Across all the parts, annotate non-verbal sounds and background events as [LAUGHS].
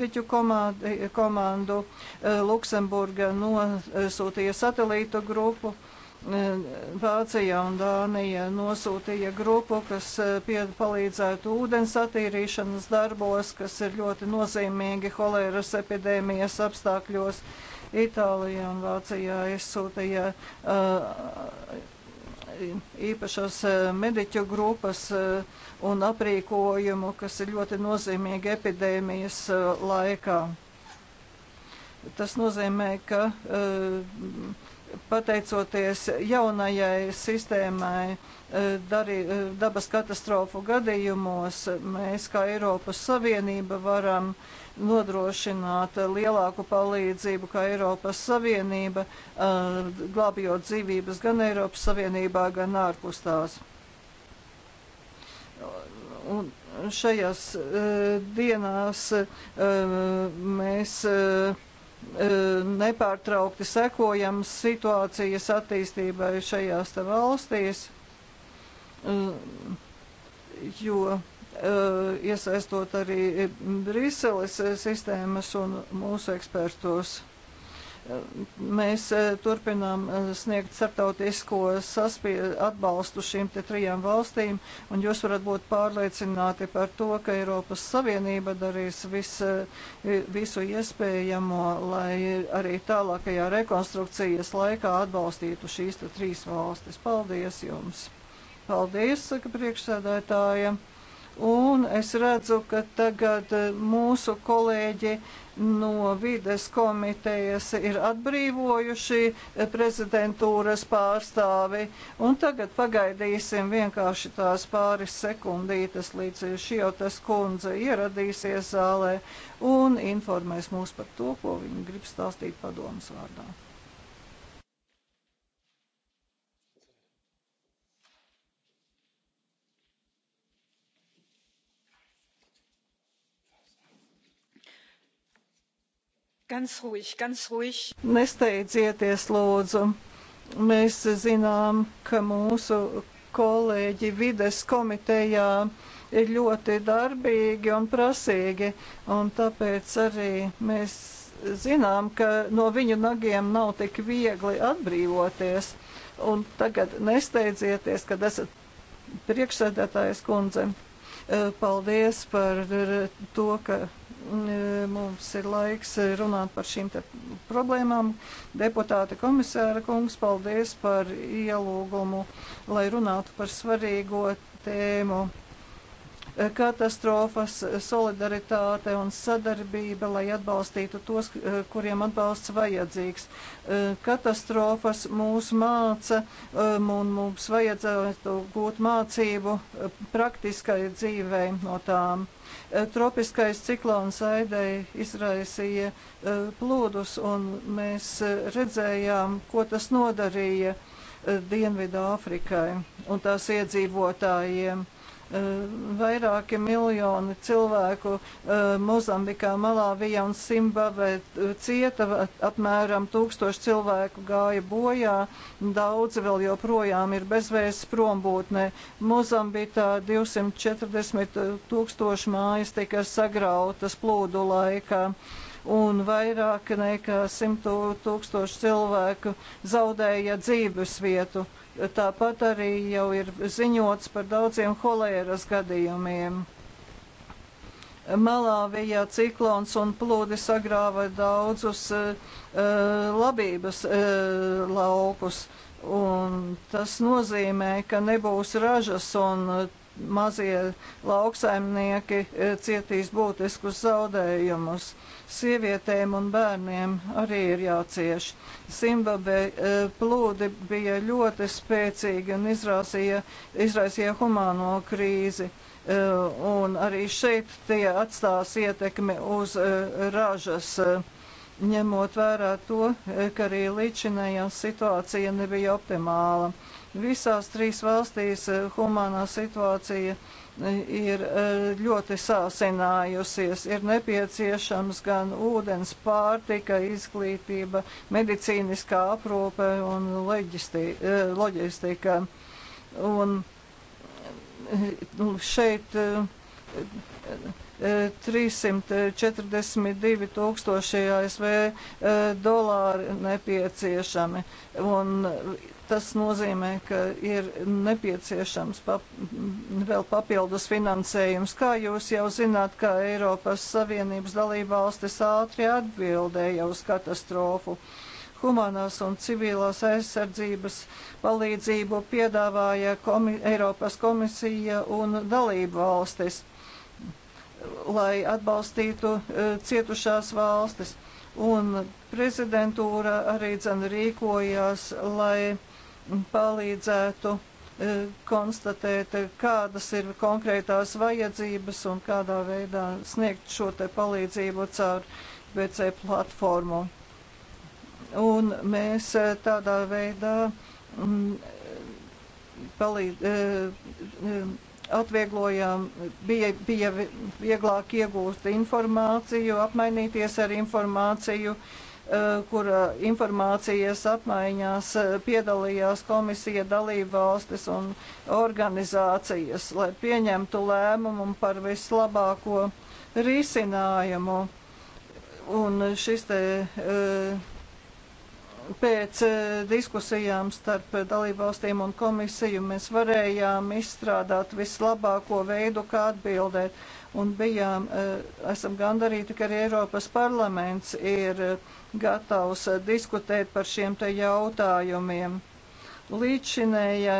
Politiķu eh, komandu eh, Luksemburga nosūtīja satelītu grupu. Eh, Vācija un Dānija nosūtīja grupu, kas palīdzētu ūdens attīrīšanas darbos, kas ir ļoti nozīmīgi holēras epidēmijas apstākļos. Itālijā un Vācijā izsūtīja uh, īpašas e, mediķu grupas e, un aprīkojumu, kas ir ļoti nozīmīgi epidēmijas e, laikā. Tas nozīmē, ka pateicoties jaunajai sistēmai, Eh, darī, eh, dabas katastrofu gadījumos mēs kā Eiropas Savienība varam nodrošināt lielāku palīdzību kā Eiropas Savienība, eh, glābjot dzīvības gan Eiropas Savienībā, gan ārpus tās. Un šajās dienās mēs nepārtraukti sekojam situācijas attīstībai šajās valstīs Ehm, jo ehm, iesaistot arī Briseles sistēmas un mūsu ekspertos. Ehm, mēs turpinām sniegt starptautisko atbalstu šīm te trijām valstīm, un jūs varat būt pārliecināti par to, ka Eiropas Savienība darīs vis, visu iespējamo, lai arī tālākajā rekonstrukcijas laikā atbalstītu šīs trīs valstis. Paldies jums! Paldies, saka priekšsēdētājiem. Un es redzu, ka tagad eh, mūsu kolēģi no vides komitejas ir atbrīvojuši eh, prezidentūras pārstāvi. Un tagad pagaidīsim vienkārši tās pāris sekundītes, līdz eh, šiotas kundze ieradīsies zālē un informēs mūs par to, ko viņa grib stāstīt padomas vārdā. Ganz ruhig, ganz ruhig. Nesteidzieties, lūdzu. Mēs zinām, ka mūsu kolēģi vides komitejā ir ļoti darbīgi un prasīgi, un tāpēc arī mēs zinām, ka no viņu nagiem nav tik viegli atbrīvoties. Un tagad nesteidzieties, kad esat priekšsēdētājas kundze. Paldies par to, ka E, mums ir laiks runāt par šīm problēmām. Deputāte komisāra kungs, paldies par ielūgumu, lai runātu par svarīgo tēmu katastrofas, solidaritāte un sadarbība, lai atbalstītu tos, kuriem atbalsts vajadzīgs. Katastrofas mūs māca um, un mums vajadzētu gūt mācību um, praktiskai dzīvei no tām. Uh, tropiskais ciklons Aidei izraisīja uh, plūdus un mēs uh, redzējām, ko tas nodarīja Dienvidā Afrikai un tās iedzīvotājiem. Eh, vairāki miljoni cilvēku eh, Mozambikā, Malāvijā un Zimbabvē eh, cieta, apmēram tūkstoši cilvēku gāja bojā, daudzi vēl joprojām ir bezvēsts prombūtnē. Mozambitā 240 tūkstoši mājas tika sagrautas plūdu laikā un vairāk nekā 100 tūkstoši cilvēku zaudēja dzīves vietu. Tāpat arī jau ir ziņots par daudziem holēras gadījumiem. Malāvijā ciklons un plūdi sagrāva daudzus uh, labības uh, laukus. Un tas nozīmē, ka nebūs ražas un mazie lauksaimnieki e, cietīs būtiskus zaudējumus. Sievietēm un bērniem arī ir jācieš. Zimbabvē e, plūdi bija ļoti spēcīgi un izrāsīja, izraisīja humāno krīzi. E, un arī šeit tie atstās ietekmi uz ražas ņemot vērā to, ka arī līdzinējā situācija nebija optimāla. Visās trīs valstīs eh, humanā situācija eh, ir eh, ļoti sāsinājusies. Ir nepieciešams gan ūdens, pārtika, izglītība, medicīniskā aprūpe un loģistika. Un šeit 342 tūkstoši ASV eh, dolāri nepieciešami. Un tas nozīmē, ka ir nepieciešams pap vēl papildus finansējums. Kā jūs jau zināt, ka Eiropas Savienības dalībvalstis ātri atbildēja uz katastrofu humanās un civilās aizsardzības palīdzību piedāvāja komi Eiropas komisija un dalību valstis lai atbalstītu e, cietušās valstis. Un prezidentūra arī dzen rīkojās, lai palīdzētu e, konstatēt, kādas ir konkrētās vajadzības un kādā veidā sniegt šo te palīdzību caur BC platformu. Un mēs e, tādā veidā mm, palīdz, atvieglojām, bija, bija vieglāk iegūst informāciju, apmainīties ar informāciju, eh, kur eh, informācijas apmaiņās eh, piedalījās komisija dalībvalstis un organizācijas, lai pieņemtu lēmumu par vislabāko risinājumu. Un šis te uh, Pēc eh, diskusijām starp dalībvalstīm un komisiju mēs varējām izstrādāt vislabāko veidu, kā atbildēt, un bijām, eh, esam gandarīti, ka arī Eiropas parlaments ir eh, gatavs diskutēt par šiem te jautājumiem. Līdzšinējā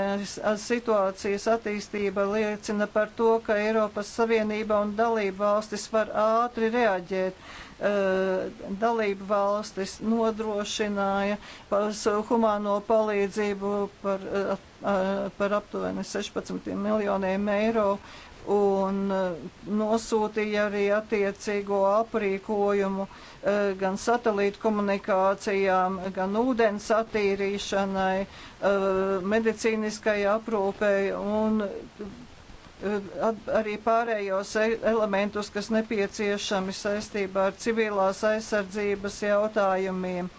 situācijas attīstība liecina par to, ka Eiropas Savienība un dalība valstis var ātri reaģēt, Eh, dalību valstis nodrošināja pas, humāno palīdzību par, eh, eh, par aptuveni 16 miljoniem eiro un nosūtīja arī attiecīgo aprīkojumu gan satelītu komunikācijām, gan ūdens attīrīšanai, medicīniskai aprūpei un Eh, arī pārējos e-, elementus, kas nepieciešami saistībā ar civilās aizsardzības jautājumiem.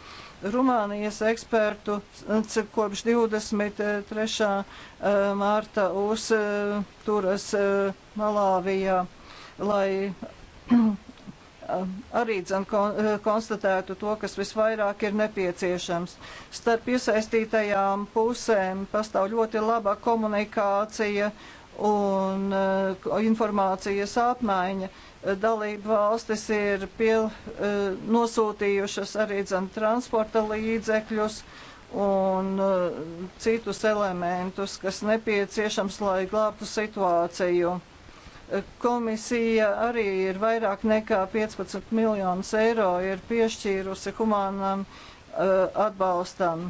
Rumānijas ekspertu eh, kopš 23. Eh, mārta uzturas Malāvijā, lai [CLEARS THROAT] arī dzen, konstatētu to, kas visvairāk ir nepieciešams. Starp iesaistītajām pusēm pastāv ļoti laba komunikācija un eh, informācijas apmaiņa. Dalība valstis ir piel, eh, nosūtījušas arī zem transporta līdzekļus un eh, citus elementus, kas nepieciešams, lai glābtu situāciju komisija arī ir vairāk nekā 15 miljonus eiro ir piešķīrusi humānam uh, atbalstam.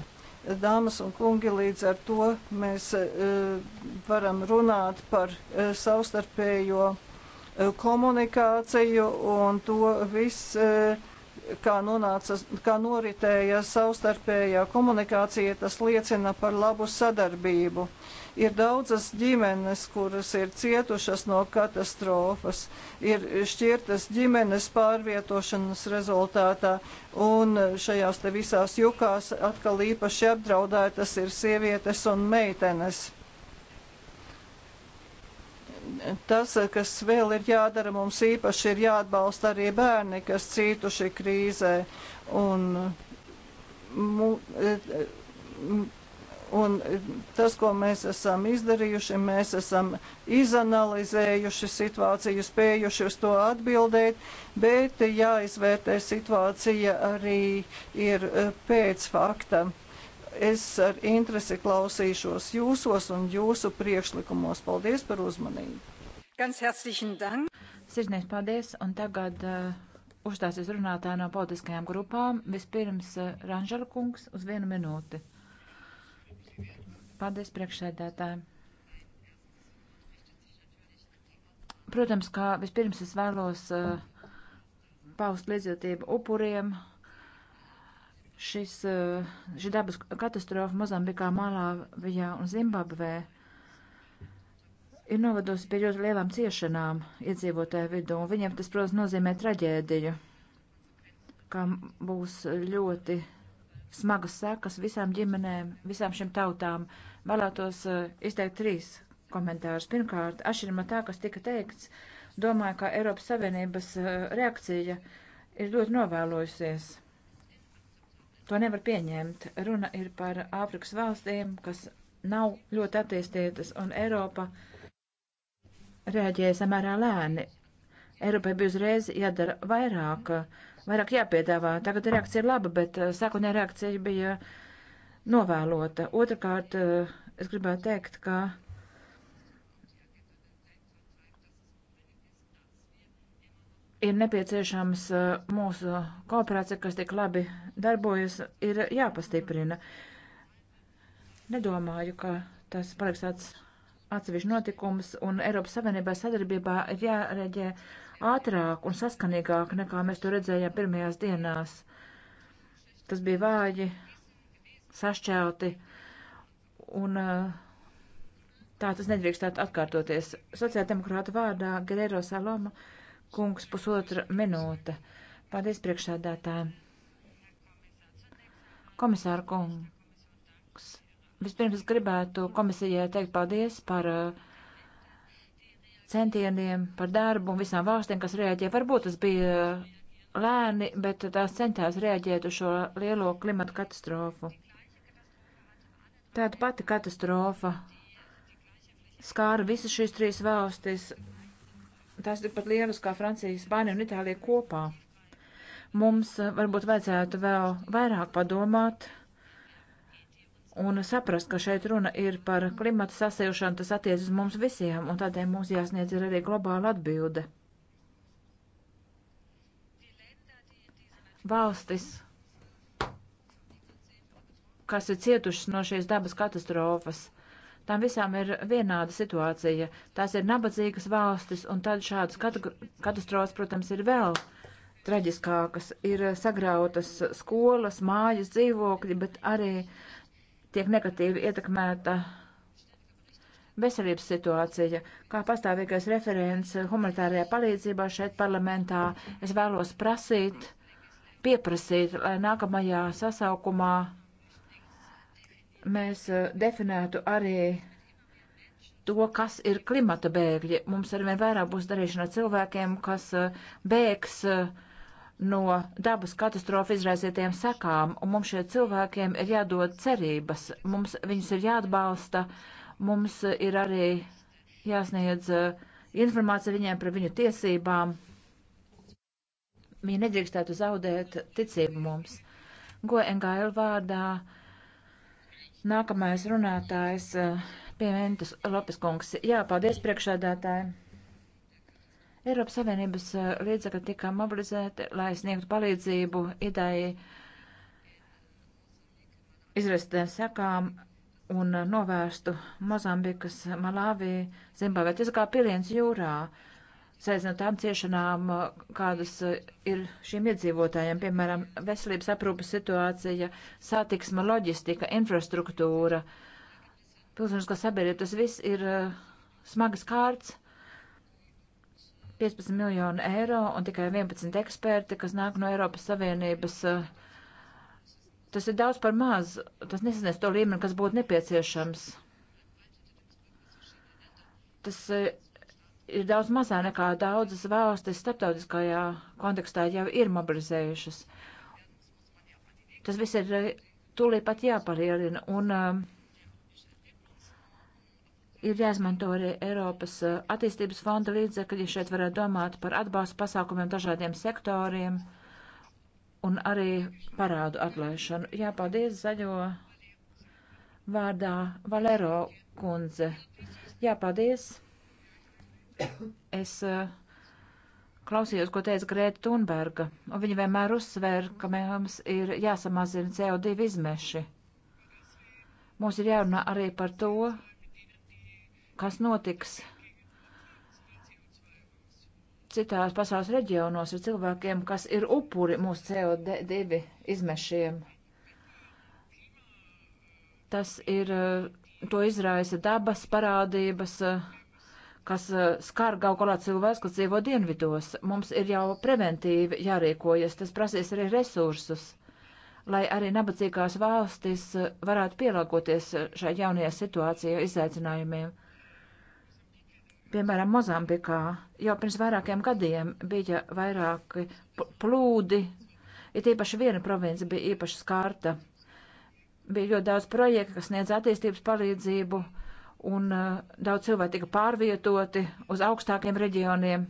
Dāmas un kungi, līdz ar to mēs e, varam runāt par e, savstarpējo e, komunikāciju un to viss kā, nonāca, kā noritēja savstarpējā komunikācija, tas liecina par labu sadarbību. Ir daudzas ģimenes, kuras ir cietušas no katastrofas, ir šķirtas ģimenes pārvietošanas rezultātā, un šajās te visās jukās atkal īpaši apdraudētas ir sievietes un meitenes tas, kas vēl ir jādara, mums īpaši ir jāatbalsta arī bērni, kas cietuši krīzē. Un, mu, e, Un e, tas, ko mēs esam izdarījuši, mēs esam izanalizējuši situāciju, spējuši uz to atbildēt, bet jāizvērtē situācija arī ir e, pēc fakta. Es ar interesi klausīšos jūsos un jūsu priekšlikumos. Paldies par uzmanību. Ganz herzlichen Dank. Sirdnieks, paldies. Un tagad uh, uzstāsies runātāji no politiskajām grupām. Vispirms uh, Ranžala kungs uz vienu minūti. Paldies, priekšsēdētāji. Protams, kā vispirms es vēlos uh, paust līdzjūtību upuriem. Šis, uh, šī dabas katastrofa Mozambikā, Malāvijā un Zimbabvē ir novadusi pie ļoti lielām ciešanām iedzīvotāju vidū, un viņiem tas, protams, nozīmē traģēdiju, kā būs ļoti smagas sekas visām ģimenēm, visām šīm tautām. Uh, vēlētos eh, izteikt trīs komentārus. Pirmkārt, atšķirībā tā, kas tika teikts, domāju, ka Eiropas Savienības eh, reakcija ir ļoti novēlojusies. To nevar pieņemt. Runa ir par Āfrikas valstīm, kas nav ļoti attīstītas, un Eiropa reaģēja samērā lēni. Eiropai bija uzreiz jādara vairāk, vairāk jāpiedāvā. Tagad reakcija ir laba, bet eh, sākotnē reakcija bija uh, novēlota. Otrakārt, eh, es gribētu teikt, ka ir nepieciešams eh, mūsu kooperācija, kas tik labi darbojas, ir jāpastiprina. Nedomāju, ka tas paliks tāds atsevišķi notikums, un Eiropas Savienībā sadarbībā ir jārēģē ātrāk un saskanīgāk, nekā mēs to redzējām pirmajās dienās. Tas bija vāji, sašķelti. Un eh, tā tas nedrīkstētu atkārtoties. Sociāldemokrāta vārdā Gerero Saloma kungs pusotra minūte. Paldies priekšsādātājiem. Komisāra kungs, vispirms es gribētu komisijai teikt paldies par uh, centieniem, par darbu un visām valstīm, kas reaģē. Varbūt tas bija lēni, bet tās centās reaģēt uz šo lielo klimatu katastrofu. Tāda pati katastrofa skāra visas šīs trīs valstis. Tās ir pat lielas kā Francija, Spānija un Itālija kopā. Mums eh, varbūt vajadzētu vēl vairāk padomāt un saprast, ka šeit runa ir par klimata sasilšanu, tas attiecas uz mums visiem, un tādēļ mums jāsniedz ir arī globāla atbilde. Valstis, kas ir cietušas no šīs dabas katastrofas. Tām visām ir vienāda situācija. Tās ir nabadzīgas valstis, un tad šādas katastrofas, protams, ir vēl traģiskākas. Ir sagrautas skolas, mājas, dzīvokļi, bet arī tiek negatīvi ietekmēta veselības situācija, kā pastāvīgais referents humanitārajā palīdzībā šeit parlamentā, es vēlos prasīt, pieprasīt, lai nākamajā sasaukumā mēs eh, definētu arī to, kas ir klimata bēgļi. Mums arvien vairāk būs darīšana ar cilvēkiem, kas eh, bēgs eh, no dabas katastrofu izraisītiem sekām, un mums šie cilvēkiem ir jādod cerības, mums viņus ir jāatbalsta, mums ir arī jāsniedz informācija viņiem par viņu tiesībām. Viņi nedrīkstētu zaudēt ticību mums. Go NGL vārdā Nākamais runātājs eh, piemintas Lopeskungs. Jā, paldies priekšādātājiem. Eiropas Savienības eh, līdzekļi tika mobilizēti, lai sniegtu palīdzību idejai izrastēm eh, sekām un novērstu Mozambikas, Malāvī, Zimbabvē. Tas kā piliens jūrā. Uh, saistībā ar tām ciešanām, kādas ir šiem iedzīvotājiem, piemēram, veselības aprūpas situācija, satiksma, loģistika, infrastruktūra, pilsoniskā sabiedrība, tas viss ir smagas kārts, 15 miljonu eiro un tikai 11 eksperti, kas nāk no Eiropas Savienības. Tas ir daudz par maz, tas nesasniedz to līmeni, kas būtu nepieciešams. Tas ir daudz mazā nekā daudzas valstis starptautiskajā kontekstā jau ir mobilizējušas. Tas viss ir eh, tūlīt pat jāpalielina un um, ir jāizmanto arī Eiropas eh, attīstības fonda līdzekļi. Šeit varētu domāt par atbalstu pasākumiem dažādiem sektoriem un arī parādu atlaišanu. Jā, paldies zaļo vārdā Valero kundze. Jā, paldies. Es uh, klausījos, ko teica Grēta Thunberga, un viņa vienmēr uzsver, ka mums ir jāsamazina CO2 izmeši. Mums ir jārunā arī par to, kas notiks citās pasaules reģionos ar cilvēkiem, kas ir upuri mūsu CO2 izmešiem. Tas ir, eh, to izraisa dabas parādības, uh, kas eh, skar gal galā cilvēks, kas dzīvo dienvidos. Mums ir jau preventīvi jārīkojas, tas prasīs arī resursus, lai arī nabadzīgās valstis eh, varētu pielāgoties eh, šai jaunajā situācijā izaicinājumiem. Piemēram, Mozambikā jau pirms vairākiem gadiem bija vairāki plūdi, ir īpaši viena province bija īpaši skārta. Bija ļoti daudz projektu, kas sniedz attīstības palīdzību un uh, daudz cilvēku tika pārvietoti uz augstākiem reģioniem.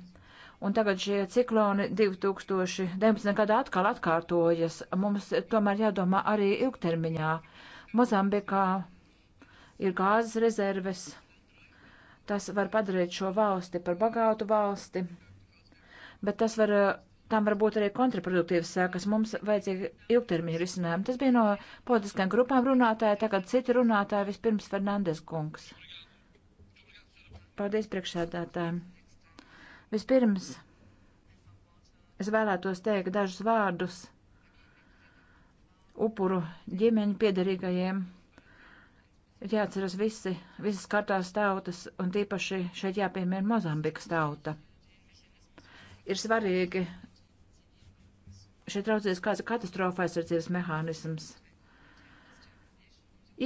Un tagad šie cikloni 2019. gadā atkal atkārtojas. Mums tomēr jādomā arī ilgtermiņā. Mozambikā ir gāzes rezerves. Tas var padarīt šo valsti par bagātu valsti, bet tas var eh, Tām var būt arī kontraproduktīvas sākas. Mums vajadzīga ilgtermiņa risinājuma. Tas bija no politiskajām grupām runātāja, tagad citi runātāji, vispirms Fernandes kungs. Paldies priekšsēdētājiem. Vispirms es vēlētos teikt dažus vārdus upuru ģimeņu piedarīgajiem. Ir jāatceras visi, visas kārtās tautas, un tīpaši šeit jāpiemēr Mozambikas tauta. Ir svarīgi šeit raudzies kāds katastrofa aizsardzības mehānisms.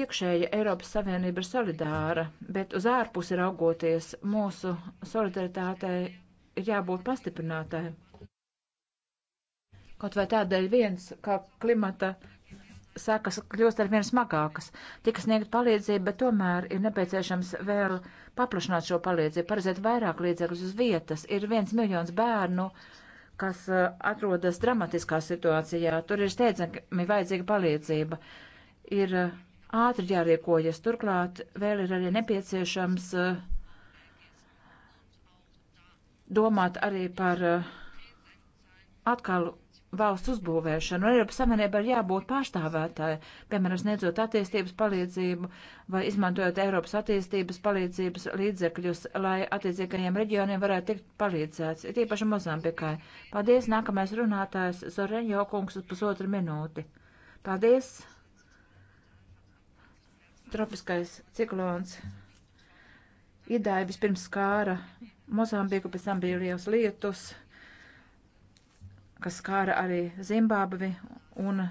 Iekšēja Eiropas Savienība ir solidāra, bet uz ārpusi raugoties mūsu solidaritātei ir jābūt pastiprinātai. Kaut vai tādēļ viens, kā klimata sekas kļūst ar vien smagākas. Tika sniegt palīdzību, bet tomēr ir nepieciešams vēl paplašināt šo palīdzību, paredzēt vairāk līdzekļus uz vietas. Ir viens miljons bērnu, uh, kas eh, atrodas dramatiskā situācijā. Tur ir steidzami vajadzīga palīdzība. Ir eh, ātri jārīkojas. Turklāt vēl ir arī nepieciešams eh, domāt arī par atkal valsts uzbūvēšanu. Eiropas Savienībai ir jābūt pārstāvētāji, piemēram, sniedzot attīstības palīdzību vai izmantojot Eiropas attīstības palīdzības līdzekļus, lai attiecīgajiem reģioniem varētu tikt palīdzēts, ir īpaši Mozambikai. Paldies, nākamais runātājs Zoreņo kungs uz pusotru minūti. Paldies! Tropiskais ciklons Idāja vispirms skāra Mozambiku, pēc tam bija liels lietus kas skāra arī Zimbabvi un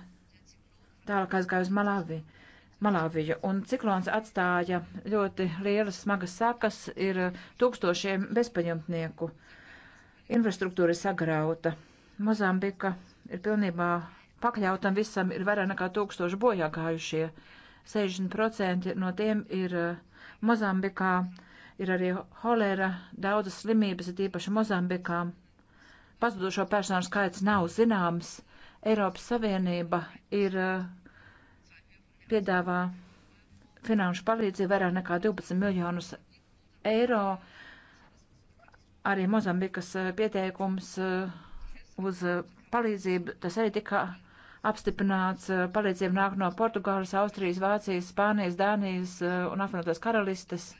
tālāk aizgāja uz Malavi. Malāviju, un ciklons atstāja ļoti lielas smagas sakas, ir tūkstošiem bezpaņemtnieku. Infrastruktūra ir sagrauta. Mozambika ir pilnībā pakļautam visam, ir vairāk nekā tūkstoši bojā gājušie. 60% no tiem ir eh, Mozambikā, ir arī holera, daudzas slimības, ir tīpaši Mozambikā pazudušo personu skaits nav zināms. Eiropas Savienība ir eh, piedāvā finanšu palīdzību vairāk nekā 12 miljonus eiro. Arī Mozambikas eh, pieteikums eh, uz palīdzību, tas arī tika apstiprināts. Palīdzība nāk no Portugāles, Austrijas, Vācijas, Spānijas, Dānijas un apvienotās karalistes.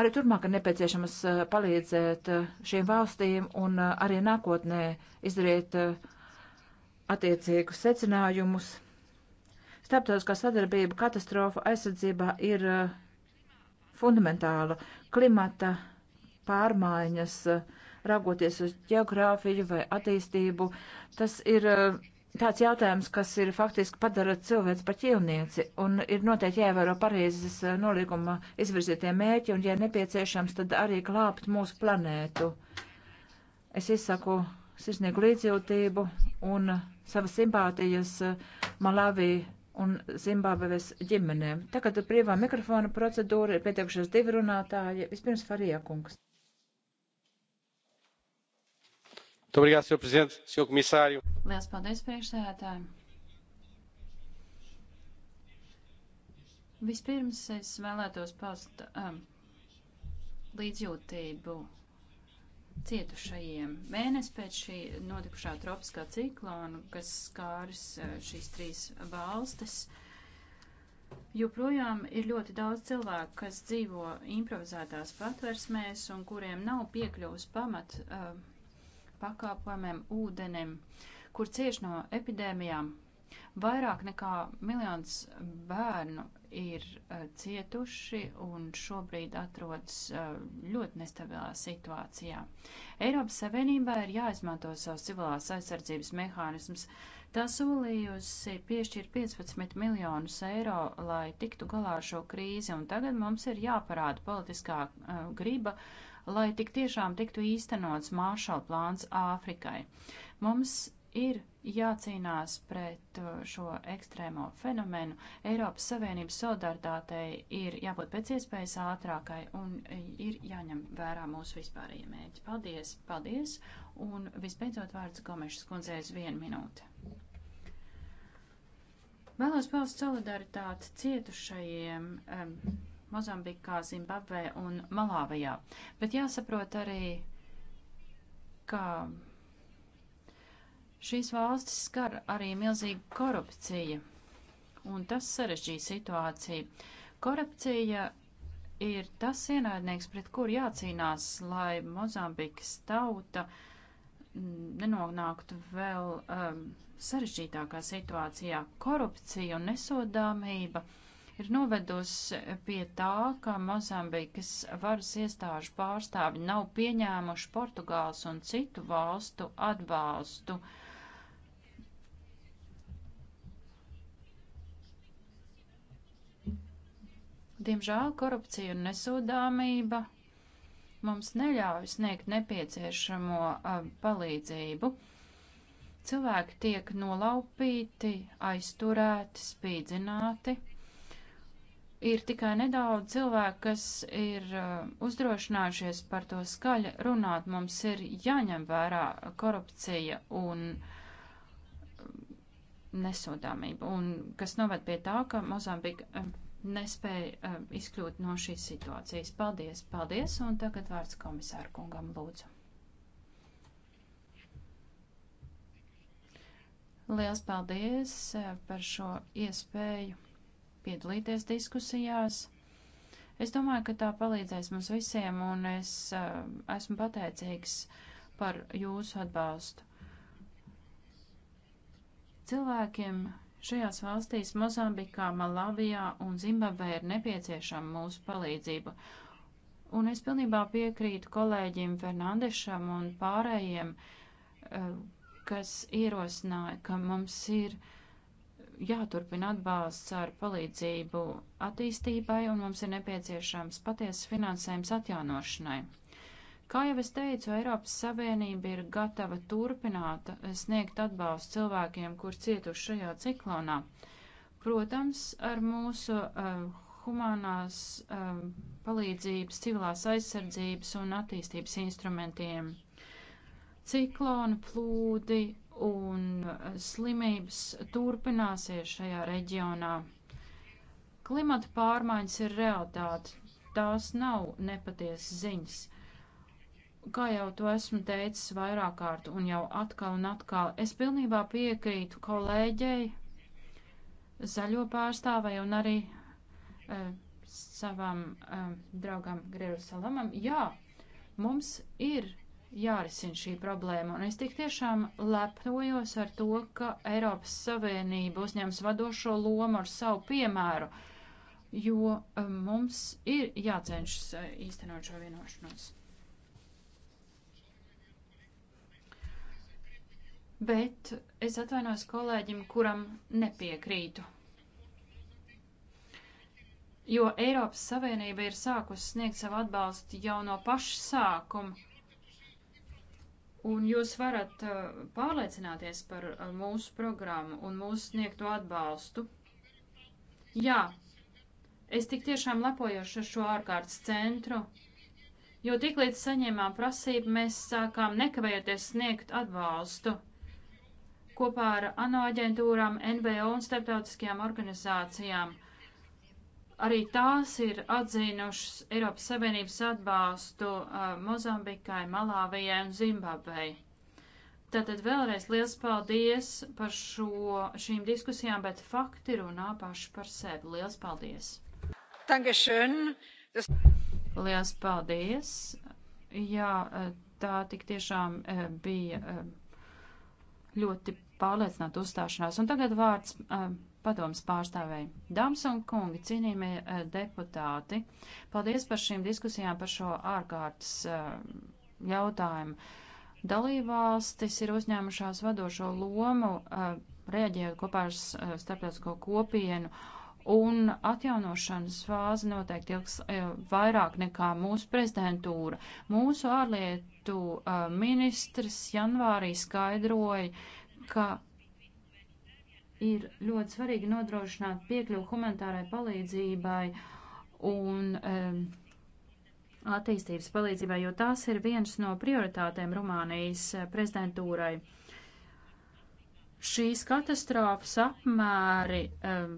Arī turpmāk ir nepieciešams eh, palīdzēt eh, šīm valstīm un eh, arī nākotnē izdarīt attiecīgus secinājumus. Starptautiskā sadarbība katastrofa aizsardzībā ir fundamentāla klimata pārmaiņas, raugoties uz geogrāfiju vai attīstību. Tas ir tāds jautājums, kas ir faktiski padara cilvēks par ķīlnieci, un ir noteikti jāievēro Parīzes eh, nolīguma izvirzītie mēķi, un, ja nepieciešams, tad arī glābt mūsu planētu. Es izsaku sirsnieku līdzjūtību un savas simpātijas eh, Malavī un Zimbabves ģimenēm. Tagad brīvā mikrofona procedūra ir pieteikušies divi runātāji. Vispirms Farija kungs. Obrigado, Sr. Presidente, Sr. Komisāri. Lielas paldies, priekšsēdētāji. Vispirms es vēlētos paust um, līdzjūtību cietušajiem. Mēnesis pēc šī notikušā tropiskā ciklona, kas skāris uh, šīs trīs valstis, joprojām ir ļoti daudz cilvēku, kas dzīvo improvizētās patversmēs un kuriem nav piekļuvis pamat uh, pakalpojumiem, ūdenim, kur cieš no epidēmijām. Vairāk nekā miljons bērnu ir uh, cietuši un šobrīd atrodas uh, ļoti nestabilā situācijā. Eiropas Savienībā ir jāizmanto savs civilās aizsardzības mehānisms. Tā solījusi piešķirt 15 miljonus eiro, lai tiktu galā ar šo krīzi, un tagad mums ir jāparāda politiskā uh, griba uh, lai tik tiešām tiktu īstenots Māršala plāns Āfrikai. Mums ir jācīnās pret uh, šo ekstrēmo fenomenu. Eiropas Savienības solidaritātei ir jābūt pēc iespējas ātrākai un uh, ir jāņem vērā mūsu vispārējie mēģi. Paldies, paldies! Un visbeidzot vārds Gomešas kundzēs vienu minūti. Vēlos paust solidaritāti cietušajiem. Um, Mozambikā, Zimbabvē un Malāvijā. Bet jāsaprot arī, ka šīs valstis skar arī milzīga korupcija, un tas sarežģīja situāciju. Korupcija ir tas ienaidnieks, pret kur jācīnās, lai Mozambikas tauta mm, nenonāktu vēl um, sarežģītākā situācijā. Korupcija un nesodāmība. Uh, ir novedusi pie tā, ka Mozambikas varas iestāžu pārstāvi nav pieņēmuši Portugāles un citu valstu atbalstu. Diemžēl korupcija un nesodāmība mums neļauj sniegt nepieciešamo palīdzību. Cilvēki tiek nolaupīti, aizturēti, spīdzināti ir tikai nedaudz cilvēku, kas ir uh, uzdrošinājušies par to skaļi runāt. Mums ir jāņem vērā korupcija un um, nesodāmība, un kas noved pie tā, ka Mozambika um, nespēja um, izkļūt no šīs situācijas. Paldies, paldies, un tagad vārds komisāru kungam lūdzu. Liels paldies uh, par šo iespēju piedalīties diskusijās. Es domāju, ka tā palīdzēs mums visiem, un es uh, esmu pateicīgs par jūsu atbalstu. Cilvēkiem šajās valstīs, Mozambikā, Malavijā un Zimbabvē, ir nepieciešama mūsu palīdzība. Un es pilnībā piekrītu kolēģim Fernandešam un pārējiem, uh, kas ierosināja, ka mums ir uh, jāturpina atbalsts ar palīdzību attīstībai un mums ir nepieciešams patiesas finansējums atjaunošanai. Kā jau es teicu, Eiropas Savienība ir gatava turpināt sniegt atbalstu cilvēkiem, kur cietuši šajā ciklonā. Protams, ar mūsu uh, humanās uh, palīdzības, civilās aizsardzības un attīstības instrumentiem. Ciklona, plūdi, un slimības turpināsies šajā reģionā. Klimata pārmaiņas ir realitāte, tās nav nepatiesas ziņas. Kā jau to esmu teicis vairāk kārt un jau atkal un atkal, es pilnībā piekrītu kolēģei, zaļo pārstāvai un arī e, savam e, draugam Grieru Salamam. Jā, mums ir jārisina šī problēma, un es tik tiešām lepnojos ar to, ka Eiropas Savienība uzņems vadošo lomu ar savu piemēru, jo um, mums ir jācenšas uh, īstenot šo vienošanos. Bet es atvainojos kolēģim, kuram nepiekrītu. Jo Eiropas Savienība ir sākusi sniegt savu atbalstu jau no paša sākuma Un jūs varat uh, pārliecināties par uh, mūsu programmu un mūsu sniegto atbalstu. Jā, es tik tiešām lepojos ar šo ārkārtas centru, jo tiklīdz saņēmām prasību, mēs sākām nekavējoties sniegt atbalstu kopā ar ANO aģentūrām, NVO un starptautiskajām organizācijām – Arī tās ir atzīnušas Eiropas Savienības atbalstu uh, Mozambikai, Malāvijai un Zimbabvei. Tātad vēlreiz liels paldies par šo, šīm diskusijām, bet fakti runā paši par sevi. Liels paldies! Dankeschön. Das... Liels paldies! Jā, uh, tā tik tiešām uh, bija uh, ļoti pārliecināta uzstāšanās. Un tagad vārds padomas pārstāvēji. Dāmas un kungi, cienījamie uh, deputāti, paldies par šīm diskusijām par šo ārkārtas uh, jautājumu. Dalībvalstis ir uzņēmušās vadošo lomu, uh, reaģējot kopā ar uh, starptautisko kopienu, un atjaunošanas fāze noteikti ilgs uh, vairāk nekā mūsu prezidentūra. Mūsu ārlietu uh, ministrs janvārī skaidroja, ka ir ļoti svarīgi nodrošināt piekļuvu humanitārai palīdzībai un um, attīstības palīdzībai, jo tās ir viens no prioritātēm Rumānijas eh, prezidentūrai. Šīs katastrofas apmēri um,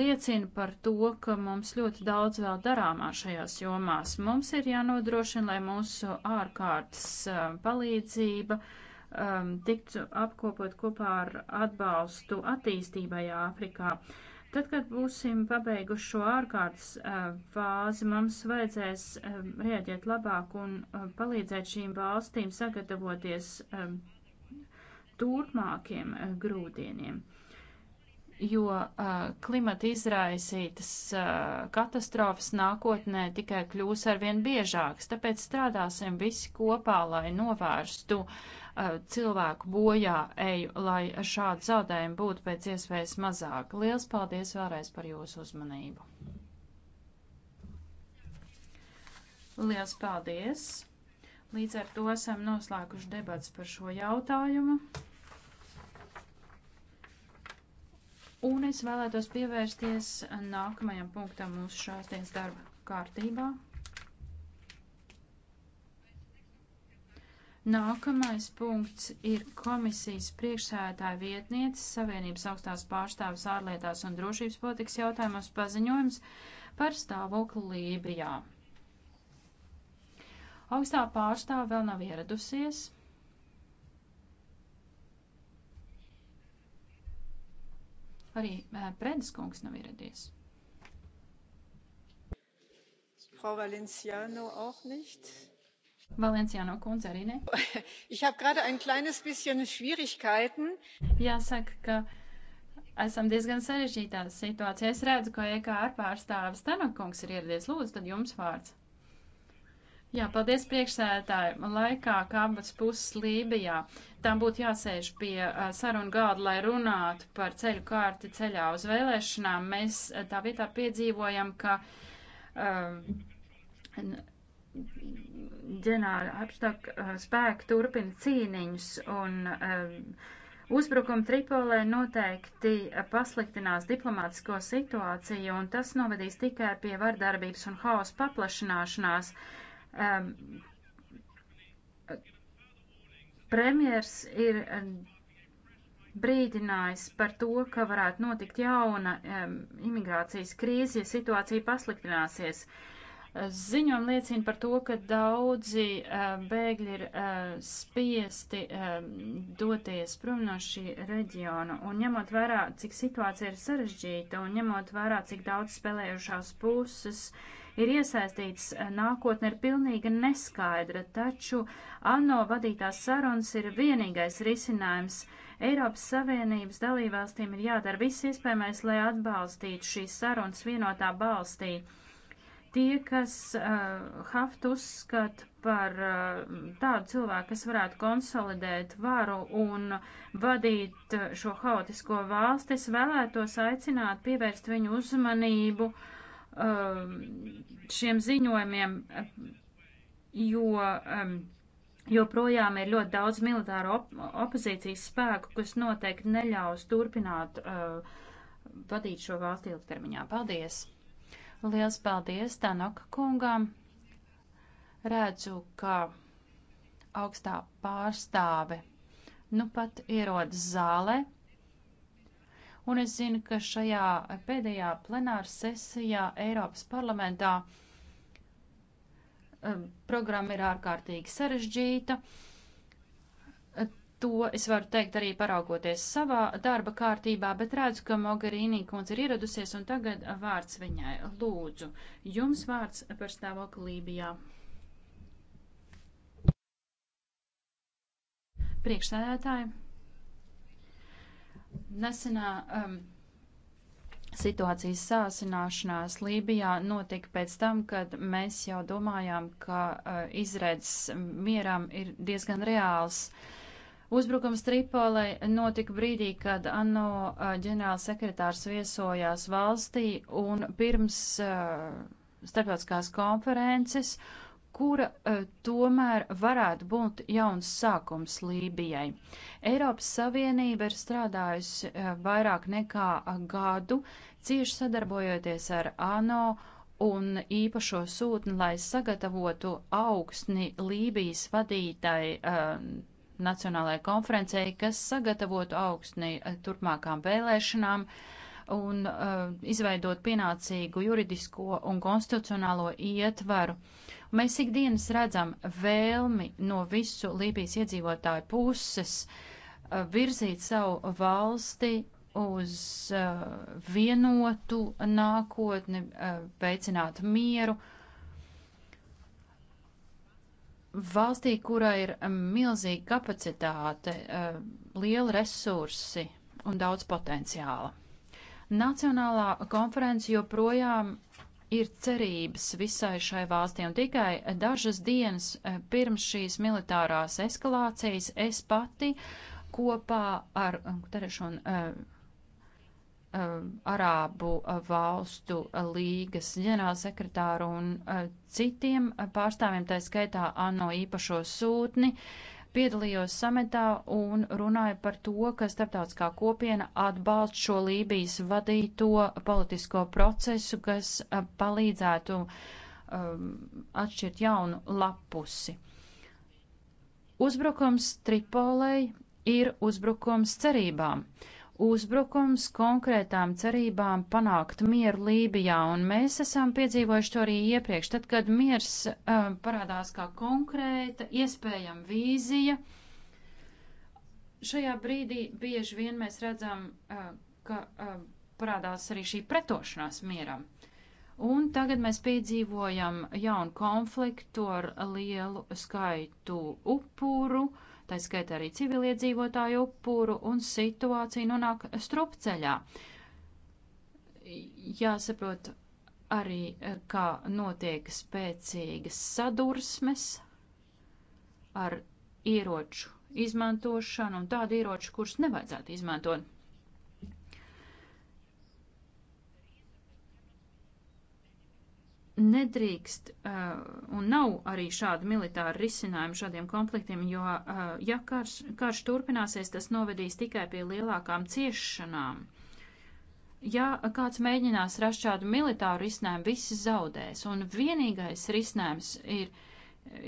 liecina par to, ka mums ļoti daudz vēl darāmā šajās jomās. Mums ir jānodrošina, lai mūsu ārkārtas eh, palīdzība uh, um, tiktu apkopot kopā ar atbalstu attīstībai Āfrikā. Tad, kad būsim pabeiguši šo ārkārtas uh, fāzi, mums vajadzēs um, rēģēt labāk un uh, palīdzēt šīm valstīm sagatavoties um, turpmākiem uh, grūdieniem, jo klimata izraisītas katastrofas nākotnē tikai kļūs arvien biežākas, tāpēc strādāsim visi kopā, lai novērstu uh, cilvēku bojā eju, lai šādi zaudējumi būtu pēc iespējas mazāk. Liels paldies vēlreiz par jūsu uzmanību. Liels paldies! Līdz ar to esam noslēguši debats par šo jautājumu. Un es vēlētos pievērsties nākamajam punktam mūsu šās dienas darba kārtībā. Nākamais punkts ir komisijas priekšsēdētāja vietnieces Savienības augstās pārstāvis ārlietās un drošības politikas jautājumos paziņojums par stāvokli Lībijā. Augstā pārstāve vēl nav ieradusies. Arī eh, Predes kungs nav ieradies. Frau Valenciano auch nicht. Valenciāno kundze arī ne. [LAUGHS] Ich habe gerade ein kleines bisschen Schwierigkeiten. Jāsaka, ka esam diezgan sarežģītā situācijā. Es redzu, ka EKR pārstāvis Tanakungs ir ieradies. Lūdzu, tad jums vārds. Jā, paldies priekšsēdētāji. Laikā, kā abas puses Lībijā, tam būtu jāsēž pie uh, sarunu gāda, lai runātu par ceļu kārti ceļā uz vēlēšanām. Mēs uh, tā vietā piedzīvojam, ka uh, ģenerāli apštak spēki turpina cīniņus un uzbrukumi Tripolē noteikti pasliktinās diplomātisko situāciju un tas novedīs tikai pie vardarbības un haosa paplašināšanās. Premjers ir brīdinājis par to, ka varētu notikt jauna imigrācijas krīze, ja situācija pasliktināsies. Uh, Ziņojumi liecina par to, ka daudzi eh, bēgļi ir eh, spiesti eh, doties prom no šī reģiona, un ņemot vērā, cik situācija ir sarežģīta, un ņemot vērā, cik daudz spēlējušās puses ir iesaistīts, nākotne ir pilnīgi neskaidra, taču ANO vadītās sarunas ir vienīgais risinājums. Eiropas Savienības dalībvalstīm ir jādara viss iespējamais, lai atbalstītu šīs sarunas vienotā balstī. Tie, kas uh, Haftu uzskata par uh, tādu cilvēku, kas varētu konsolidēt varu un vadīt šo haotisko valsti, es vēlētos aicināt pievērst viņu uzmanību uh, šiem ziņojumiem, jo. Um, joprojām ir ļoti daudz militāru op opozīcijas spēku, kas noteikti neļaus turpināt uh, vadīt šo valsti ilgtermiņā. Paldies! Liels paldies Tanaka kungam. Redzu, ka augstā pārstāve nu pat ierodas zālē. Un es zinu, ka šajā pēdējā plenāra sesijā Eiropas parlamentā eh, programma ir ārkārtīgi sarežģīta. Uh, To es varu teikt arī paraugoties savā darba kārtībā, bet redzu, ka Mogherini kundze ir ieradusies un tagad vārds viņai. Lūdzu, jums vārds par stāvokli Lībijā. Priekšsēdētāji, nesenā um, situācijas sāsināšanās Lībijā notika pēc tam, kad mēs jau domājām, ka uh, izredzes mieram ir diezgan reāls. Uh, Uzbrukums Tripolē notika brīdī, kad ANO ģenerāls sekretārs viesojās valstī un pirms uh, starptautiskās konferences, kura uh, tomēr varētu būt jauns sākums Lībijai. Eiropas Savienība ir strādājusi uh, vairāk nekā gadu, cieši sadarbojoties ar ANO un īpašo sūtni, lai sagatavotu augstni Lībijas vadītai. Uh, Nacionālajai konferencei, kas sagatavotu augstni eh, turpmākām vēlēšanām un uh, izveidot pienācīgu juridisko un konstitucionālo ietvaru. Mēs ikdienas redzam vēlmi no visu Lībijas iedzīvotāju puses uh, virzīt savu valsti uz uh, vienotu nākotni, uh, veicināt mieru valstī, kurā ir um, milzīga kapacitāte, uh, liela resursi un daudz potenciāla. Nacionālā konference joprojām ir cerības visai šai valstī, un tikai dažas dienas uh, pirms šīs militārās eskalācijas es pati kopā ar um, Terešu un uh, Um, Arābu uh, valstu uh, līgas ģenerālsekretāru un uh, citiem pārstāvjiem, tā skaitā ANO īpašo sūtni, piedalījos sametā un runāju par to, ka starptautiskā kopiena atbalsta šo Lībijas vadīto politisko procesu, kas palīdzētu um, atšķirt jaunu lapusi. Uzbrukums Tripolei ir uzbrukums cerībām. Uh, uzbrukums konkrētām cerībām panākt mieru Lībijā, un mēs esam piedzīvojuši to arī iepriekš, tad, kad miers uh, parādās kā konkrēta, iespējama vīzija. Šajā brīdī bieži vien mēs redzam, uh, ka uh, parādās arī šī pretošanās mieram. Un tagad mēs piedzīvojam jaunu konfliktu ar lielu skaitu upuru. Uh, tā skaitā arī civiliedzīvotāju upuru, un situācija nonāk strupceļā. Jāsaprot arī, kā notiek spēcīgas sadursmes ar ieroču izmantošanu un tādu ieroču, kurus nevajadzētu izmantot. nedrīkst uh, un nav arī šādu militāru risinājumu šādiem konfliktiem, jo, uh, ja karš, karš turpināsies, tas novedīs tikai pie lielākām ciešanām. Ja kāds mēģinās rast šādu militāru risinājumu, visi zaudēs, un vienīgais risinājums ir uh,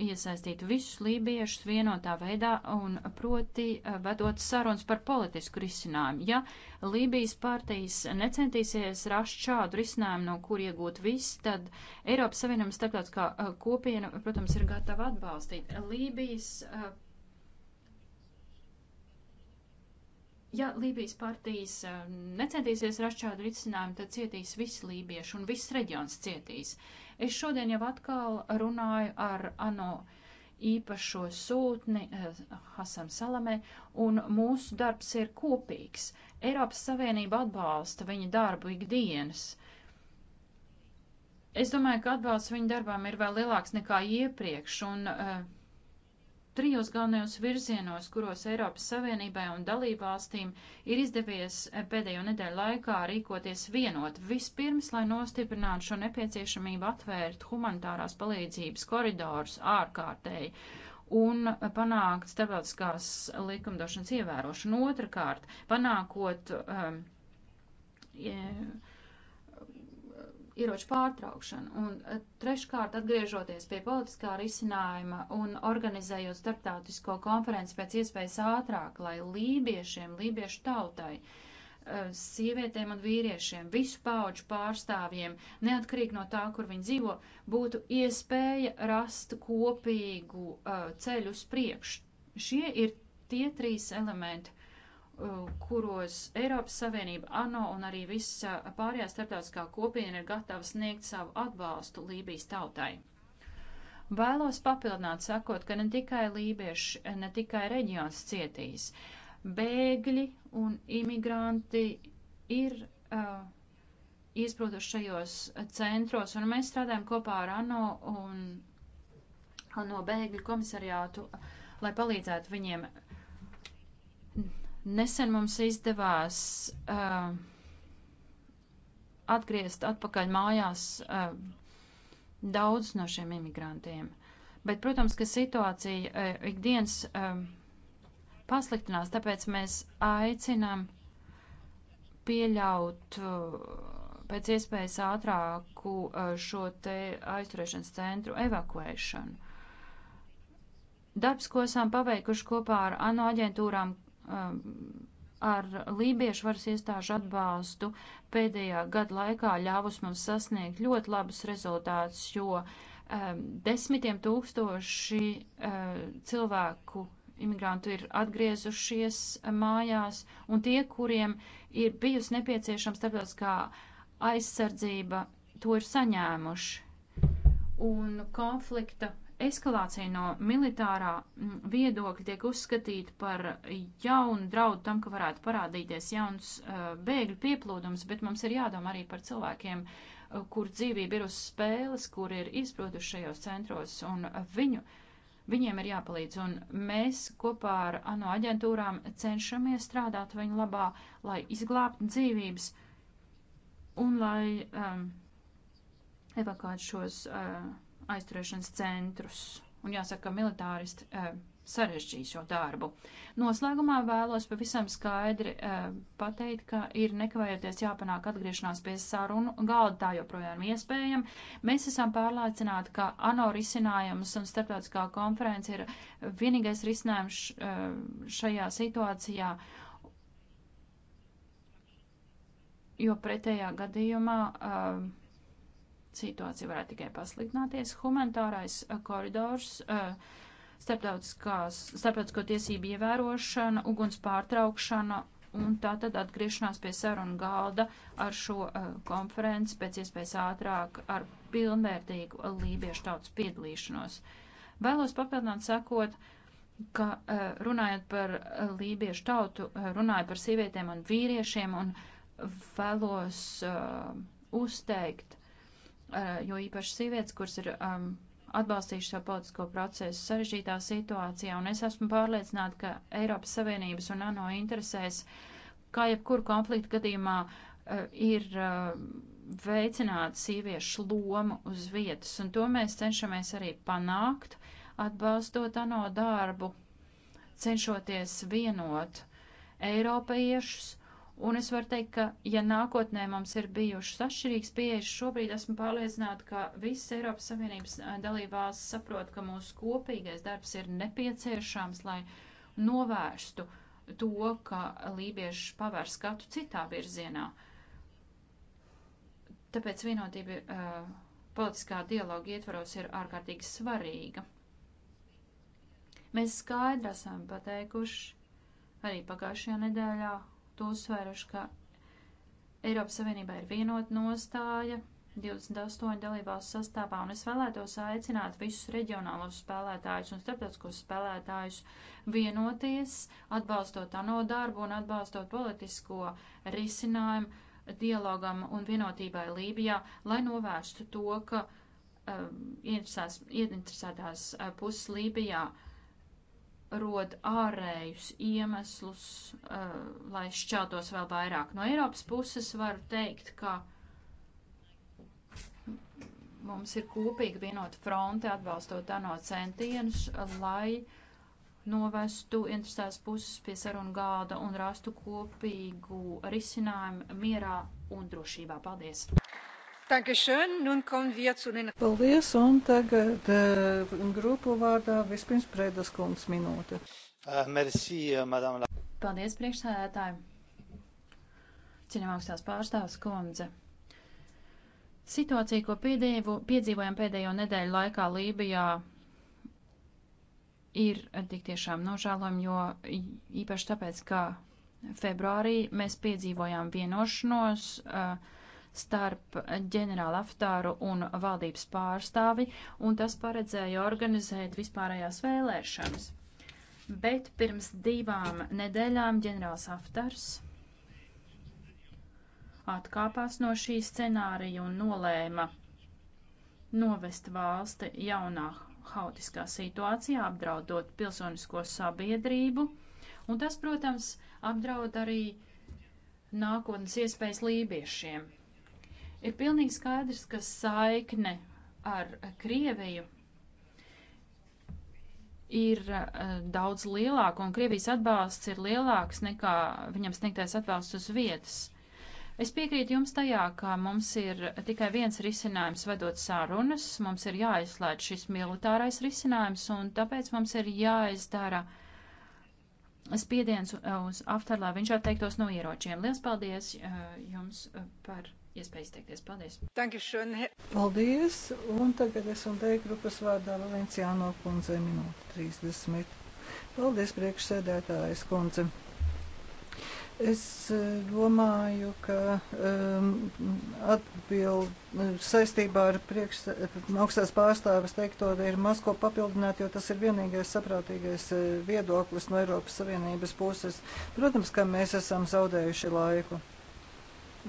iesaistītu visus lībiešus vienotā veidā un proti eh, vedot sarunas par politisku risinājumu. Ja Lībijas partijas necentīsies rast šādu risinājumu, no kur iegūt viss, tad Eiropas Savienības starptautiskā eh, kopiena, protams, ir gatava atbalstīt Lībijas. Eh, ja Lībijas partijas necentīsies rast šādu risinājumu, tad cietīs visi lībieši un viss reģions cietīs. Uh, Es šodien jau atkal runāju ar ANO īpašo sūtni eh, Hasan Salamē, un mūsu darbs ir kopīgs. Eiropas Savienība atbalsta viņa darbu ikdienas. Es domāju, ka atbalsts viņa darbām ir vēl lielāks nekā iepriekš, un uh, trijos galvenajos virzienos, kuros Eiropas Savienībai un dalībvalstīm ir izdevies pēdējo nedēļu laikā rīkoties vienot. Vispirms, lai nostiprinātu šo nepieciešamību atvērt humanitārās palīdzības koridors ārkārtēji un panākt starptautiskās likumdošanas ievērošanu. Otrakārt, panākot um, yeah, ieroču pārtraukšanu. Un eh, treškārt, atgriežoties pie politiskā risinājuma un organizējot starptautisko konferenci pēc iespējas ātrāk, lai lībiešiem, lībiešu tautai, eh, sievietēm un vīriešiem, visu pauģu pārstāvjiem, neatkarīgi no tā, kur viņi dzīvo, būtu iespēja rast kopīgu uh, ceļu uz priekšu. Šie ir tie trīs elementi, Uh, kuros Eiropas Savienība, ANO un arī visa pārējā starptautiskā kopiena ir gatava sniegt savu atbalstu Lībijas tautai. Vēlos papildināt, sakot, ka ne tikai lībieši, ne tikai reģions cietīs. Bēgļi un imigranti ir uh, iesprūduši šajos centros, un mēs strādājam kopā ar ANO un, un no bēgļu komisariātu, lai palīdzētu viņiem Nesen mums izdevās uh, atgriezt atpakaļ mājās uh, daudz no šiem imigrantiem. Bet, protams, ka situācija uh, ikdienas uh, pasliktinās, tāpēc mēs aicinām pieļaut uh, pēc iespējas ātrāku uh, šo te aizturēšanas centru evakuēšanu. Darbs, ko esam paveikuši kopā ar ANO aģentūrām, Um, ar lībiešu varas iestāžu atbalstu pēdējā gada laikā ļāvus mums sasniegt ļoti labus rezultātus, jo um, desmitiem tūkstoši uh, cilvēku imigrantu ir atgriezušies uh, mājās, un tie, kuriem ir bijusi nepieciešama starptautiskā aizsardzība, to ir saņēmuši. Un konflikta eskalācija no militārā mm, viedokļa tiek uzskatīta par jaunu draudu tam, ka varētu parādīties jauns uh, bēgļu pieplūdums, bet mums ir jādomā arī par cilvēkiem, uh, kur dzīvība ir uz spēles, kur ir izprotuši šajos centros, un viņu, viņiem ir jāpalīdz. Un mēs kopā ar ANO aģentūrām cenšamies strādāt viņu labā, lai izglābtu dzīvības un lai um, evakuētu šos. Uh, aizturēšanas centrus. Un jāsaka, ka militāristi e, sarežģīja šo darbu. Noslēgumā vēlos pavisam skaidri e, pateikt, ka ir nekavējoties jāpanāk atgriešanās pie sarunu galda, tā joprojām ir iespējama. Mēs esam pārliecināti, ka ANO risinājums un starptautiskā konference ir vienīgais risinājums š, eh, e, šajā situācijā, jo pretējā gadījumā. E, situācija varētu tikai pasliktināties. Humanitārais eh, koridors, eh, starptautisko tiesību ievērošana, uguns pārtraukšana un tā tad atgriešanās pie sarunu galda ar šo eh, konferenci pēc iespējas ātrāk ar pilnvērtīgu lībiešu tautas piedalīšanos. Vēlos papildināt sakot, ka runājot par lībiešu tautu, runāju par sievietēm un vīriešiem un vēlos uh, uzteikt Eh, jo īpaši sievietes, kuras ir um, atbalstījuši šo politisko procesu sarežģītā situācijā, un es esmu pārliecināta, ka Eiropas Savienības un ANO interesēs, kā jebkuru konfliktu gadījumā, uh, ir uh, veicināt sieviešu lomu uz vietas, un to mēs cenšamies arī panākt, atbalstot ANO darbu, cenšoties vienot Eiropiešus Un es varu teikt, ka, ja nākotnē mums ir bijušas atšķirīgas pieejas, šobrīd esmu pārliecināta, ka visas Eiropas Savienības eh, dalībās saprot, ka mūsu kopīgais darbs ir nepieciešams, lai novērstu to, ka lībieši pavērs skatu citā virzienā. Tāpēc vienotība uh, politiskā dialoga ietvaros ir ārkārtīgi svarīga. Mēs skaidri esam pateikuši arī pagājušajā nedēļā to uzsvēruši, ka Eiropas Savienībā ir vienota nostāja 28 dalībās sastāvā, un es vēlētos aicināt visus reģionālos spēlētājus un starptautiskos spēlētājus vienoties, atbalstot ANO darbu un atbalstot politisko risinājumu dialogam un vienotībai Lībijā, lai novērstu to, ka um, interesētās uh, puses Lībijā uh, rod ārējus iemeslus, uh, lai šķeltos vēl vairāk. No Eiropas puses var teikt, ka mums ir kopīgi vienot fronti atbalstot ANO centienus, lai novestu interesētās puses pie sarunu gāda un rastu kopīgu risinājumu mierā un drošībā. Paldies! Paldies, un tagad eh, grupu vārdā vispirms Prēdas kungs minūte. Eh, merci, eh, madame. Paldies, priekšsēdētāji. Cienījamā augstās pārstāvs kundze. Situācija, ko piedievu, piedzīvojam pēdējo nedēļu laikā Lībijā, ir tik tiešām nožēlojama, jo īpaši tāpēc, ka februārī mēs piedzīvojām vienošanos uh, starp ģenerālu aftāru un valdības pārstāvi, un tas paredzēja organizēt vispārējās vēlēšanas. Bet pirms divām nedēļām ģenerāls aftars atkāpās no šī scenārija un nolēma novest valsti jaunā haotiskā situācijā, apdraudot pilsonisko sabiedrību, un tas, protams, apdraud arī nākotnes iespējas lībiešiem. Ir pilnīgi skaidrs, ka saikne ar Krieviju ir eh, daudz lielāka, un Krievijas atbalsts ir lielāks nekā viņam sniegtais atbalsts uz vietas. Es piekrītu jums tajā, ka mums ir tikai viens risinājums vedot sārunas, mums ir jāizslēdz šis militārais risinājums, un tāpēc mums ir jāizdara spiediens uz Haftar, lai viņš atteiktos no ieročiem. Lielas paldies eh, jums par iespēju izteikties. Paldies! Dankeschön. Paldies! Un tagad es un D grupas vārdā Valenciāno kundze minūte 30. Paldies, priekšsēdētājas kundze! Es e, domāju, ka um, atbild e, saistībā ar priekš, e, augstās pārstāvis teikto ir maz ko papildināt, jo tas ir vienīgais saprātīgais viedoklis no Eiropas Savienības puses. Protams, ka mēs esam zaudējuši laiku.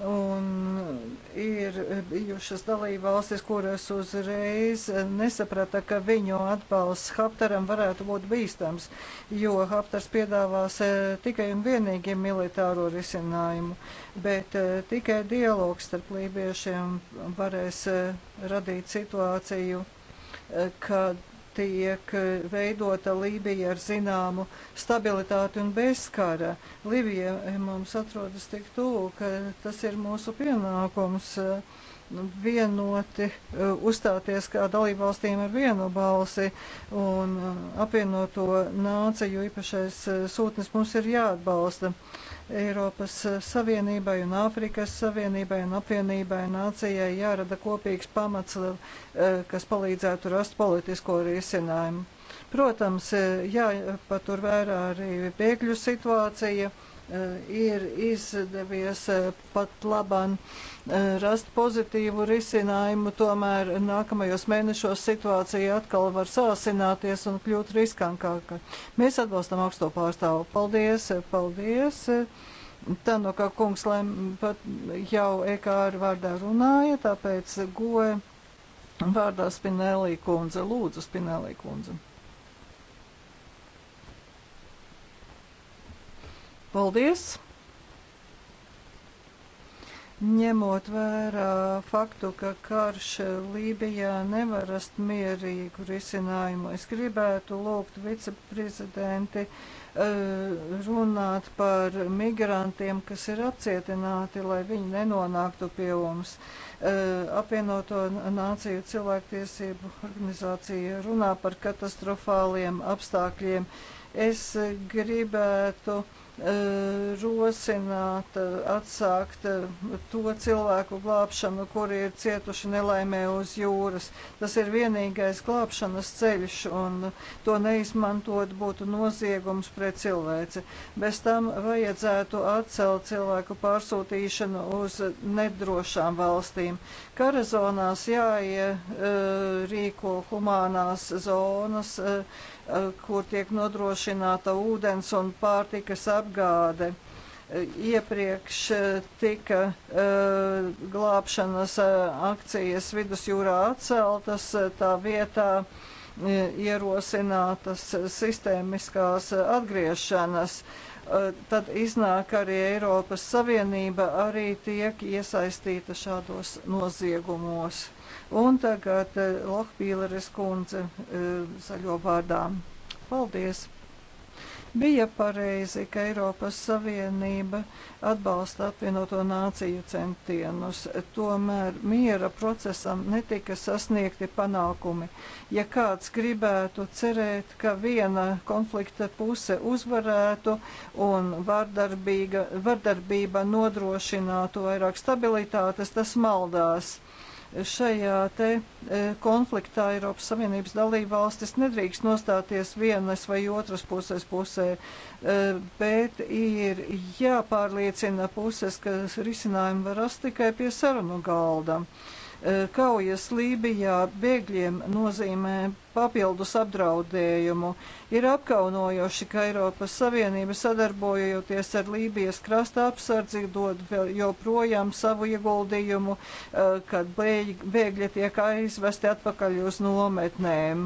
Un ir bijušas dalībvalstis, kuras uzreiz nesaprata, ka viņu atbalsts Haptaram varētu būt bīstams, jo Haptars piedāvās eh, tikai un vienīgi militāro risinājumu, bet eh, tikai dialogs starp lībiešiem varēs eh, radīt situāciju, kad tiek eh, veidota Lībija ar zināmu stabilitāti un bezkara. Lībija mums atrodas tik tuvu, ka tas ir mūsu pienākums eh, vienoti eh, uzstāties kā dalībvalstīm ar vienu balsi un apvienoto nāciju īpašais sūtnis mums ir jāatbalsta. Eiropas Savienībai un Āfrikas Savienībai un apvienībai nācijai jārada kopīgs pamats, eh, kas palīdzētu rast politisko risinājumu. Protams, eh, jāpatur vērā arī bēgļu situācija Eh, ir izdevies eh, pat labam eh, rast pozitīvu risinājumu, tomēr nākamajos mēnešos situācija atkal var sāsināties un kļūt riskantāka. Mēs atbalstam augsto pārstāvu. Paldies, paldies! Tanoka kungs lai, pat jau EKR vārdā runāja, tāpēc goja vārdā Spinelī kundze. Lūdzu, Spinelī kundze. Paldies! Ņemot vērā faktu, ka karš Lībijā nevar rast mierīgu risinājumu, es gribētu lūgt viceprezidenti e, runāt par migrantiem, kas ir apcietināti, lai viņi nenonāktu pie mums. E, apvienoto nāciju cilvēktiesību organizācija runā par katastrofāliem apstākļiem. Es gribētu uh, rosināt, atsākt eh, to cilvēku glābšanu, kuri ir cietuši nelaimē uz jūras. Tas ir vienīgais glābšanas ceļš, un to neizmantot būtu noziegums pret cilvēci. Bez tam vajadzētu atcelt cilvēku pārsūtīšanu uz nedrošām valstīm. Kara zonās jāierīko humānās zonas, kur tiek nodrošināta ūdens un pārtikas apgāde iepriekš eh, tika uh, glābšanas uh, akcijas vidusjūrā atceltas, tā vietā uh, ierosinātas sistēmiskās atgriešanas. Uh, Eh, tad iznāk arī Eiropas Savienība arī tiek iesaistīta šādos noziegumos. Un tagad eh, Lohpīleres kundze eh, zaļo vārdā. Paldies! Bija pareizi, ka Eiropas Savienība atbalsta apvienoto nāciju centienus, tomēr miera procesam netika sasniegti panākumi. Ja kāds gribētu cerēt, ka viena konflikta puse uzvarētu un vardarbība nodrošinātu vairāk stabilitātes, tas maldās. Šajā te e, konfliktā Eiropas Savienības dalība valstis nedrīkst nostāties vienas vai otras puses pusē, e, bet ir jāpārliecina puses, ka risinājumu var rast tikai pie sarunu galda. Kaujas Lībijā bēgļiem nozīmē papildus apdraudējumu. Ir apkaunojoši, ka Eiropas Savienība sadarbojoties ar Lībijas krasta apsardzi dod joprojām savu ieguldījumu, eh, kad bēgļi tiek aizvesti atpakaļ uz nometnēm.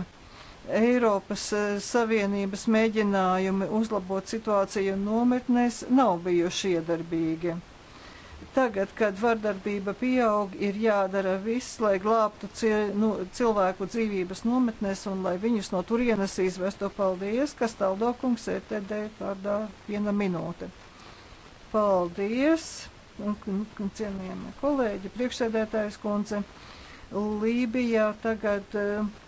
Eiropas eh, Savienības mēģinājumi uzlabot situāciju nometnēs nav bijuši iedarbīgi. Tagad, kad vardarbība pieaug, ir jādara viss, lai glābtu cil, nu, cilvēku dzīvības nometnēs un lai viņus no turienes izvestu. Paldies, kas taldokungs ETD vārdā viena minūte. Paldies, cienījami kolēģi, priekšsēdētājs kundze. Lībijā tagad. Uh,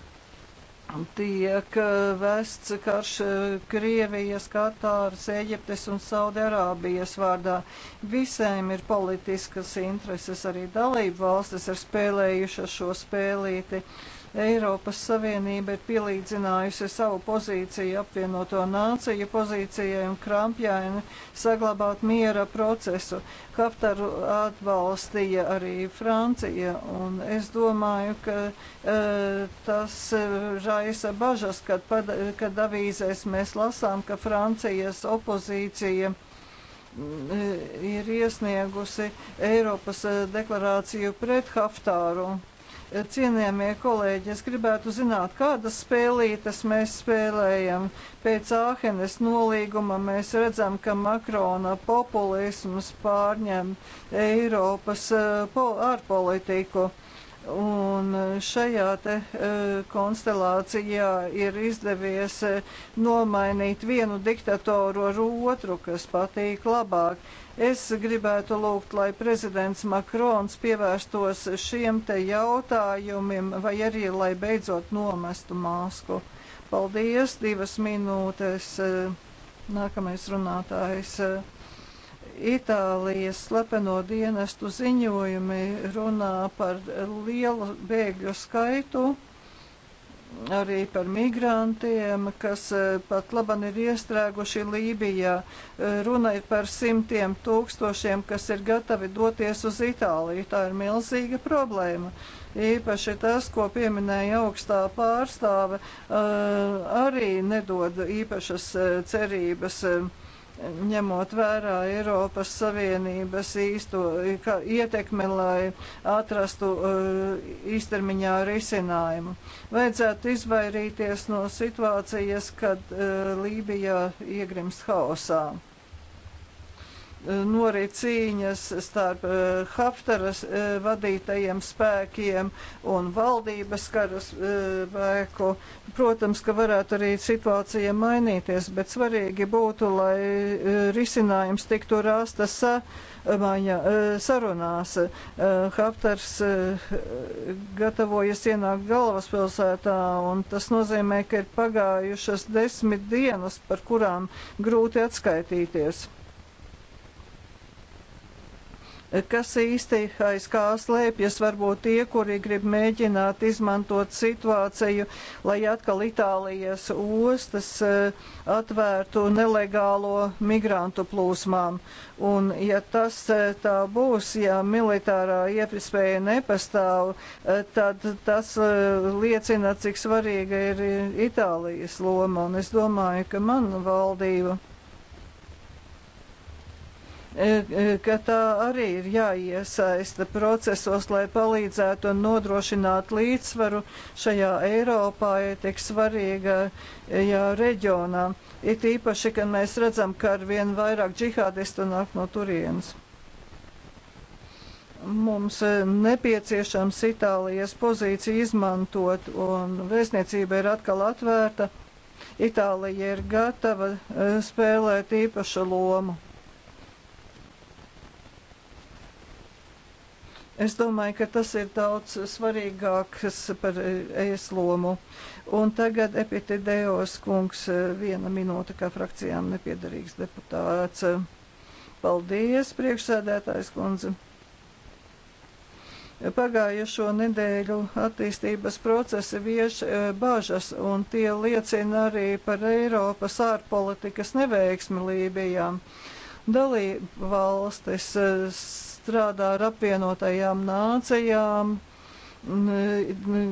tiek eh, vests karš eh, Krievijas, Katāras, Eģiptes un Saudarābijas vārdā. Visiem ir politiskas intereses, arī dalību valstis ir spēlējušas šo spēlīti. Uh, Eiropas Savienība ir pielīdzinājusi savu pozīciju apvienoto nāciju pozīcijai un krampjaini saglabāt miera procesu. Haftaru atbalstīja arī Francija, un es domāju, ka e, tas e, raisa bažas, kad, pad, kad avīzēs mēs lasām, ka Francijas opozīcija mm, e, ir iesniegusi Eiropas e, deklarāciju pret Haftāru. Cienījamie kolēģi, es gribētu zināt, kādas spēlītes mēs spēlējam. Pēc Āhenes nolīguma mēs redzam, ka Makrona populisms pārņem Eiropas eh, ārpolitiku. Un šajā te, uh, konstelācijā ir izdevies uh, nomainīt vienu diktatoru ar otru, kas patīk labāk. Es gribētu lūgt, lai prezidents Makrons pievērstos šiem te jautājumiem, vai arī lai beidzot nomestu masku. Paldies, divas minūtes. Eh, nākamais runātājs. Eh, Itālijas slepeno dienestu ziņojumi runā par lielu bēgļu skaitu arī par migrantiem, kas e, pat laban ir iestrēguši Lībijā. E, runa ir par simtiem tūkstošiem, kas ir gatavi doties uz Itāliju. Tā ir milzīga problēma. Īpaši tas, ko pieminēja augstā pārstāve, e, arī nedod īpašas cerības ņemot vērā Eiropas Savienības īsto ietekmi, lai atrastu uh, īstermiņā risinājumu. Vajadzētu izvairīties no situācijas, kad uh, Lībija iegrimst haosā norit nu, cīņas starp eh, Haftaras eh, vadītajiem spēkiem un valdības karas eh, spēku. Protams, ka varētu arī situācija mainīties, bet svarīgi būtu, lai risinājums tiktu rastas maiņa, sarunās. Haftars gatavojas ienākt galvaspilsētā, un tas nozīmē, ka ir pagājušas desmit dienas, par kurām grūti atskaitīties kas īsti aiz kā slēpjas, varbūt tie, kuri grib mēģināt izmantot situāciju, lai atkal Itālijas ostas eh, atvērtu nelegālo migrantu plūsmām. Un ja tas eh, tā būs, ja militārā iespēja nepastāv, eh, tad tas liecina, cik svarīga ir Itālijas loma. Un es domāju, ka man valdība E, e, ka tā arī ir jāiesaista procesos, lai palīdzētu un nodrošinātu līdzsvaru šajā Eiropā, ja tik svarīgajā e, reģionā. It īpaši, kad mēs redzam, ka ar vien vairāk džihādistu nāk no turienes. Mums nepieciešams Itālijas pozīciju izmantot, un vēstniecība ir atkal atvērta. Itālija ir gatava spēlēt īpašu lomu. Es domāju, ka tas ir daudz svarīgāks par ES lomu. Un tagad epitēdējos kungs viena minūte, kā frakcijām nepiedarīgs deputāts. Paldies, priekšsēdētājs kundze. Pagājušo nedēļu attīstības procesi vieš e, bāžas, un tie liecina arī par Eiropas ārpolitikas neveiksmi Lībijām. Dalība valstis e, strādā ar apvienotajām nācijām.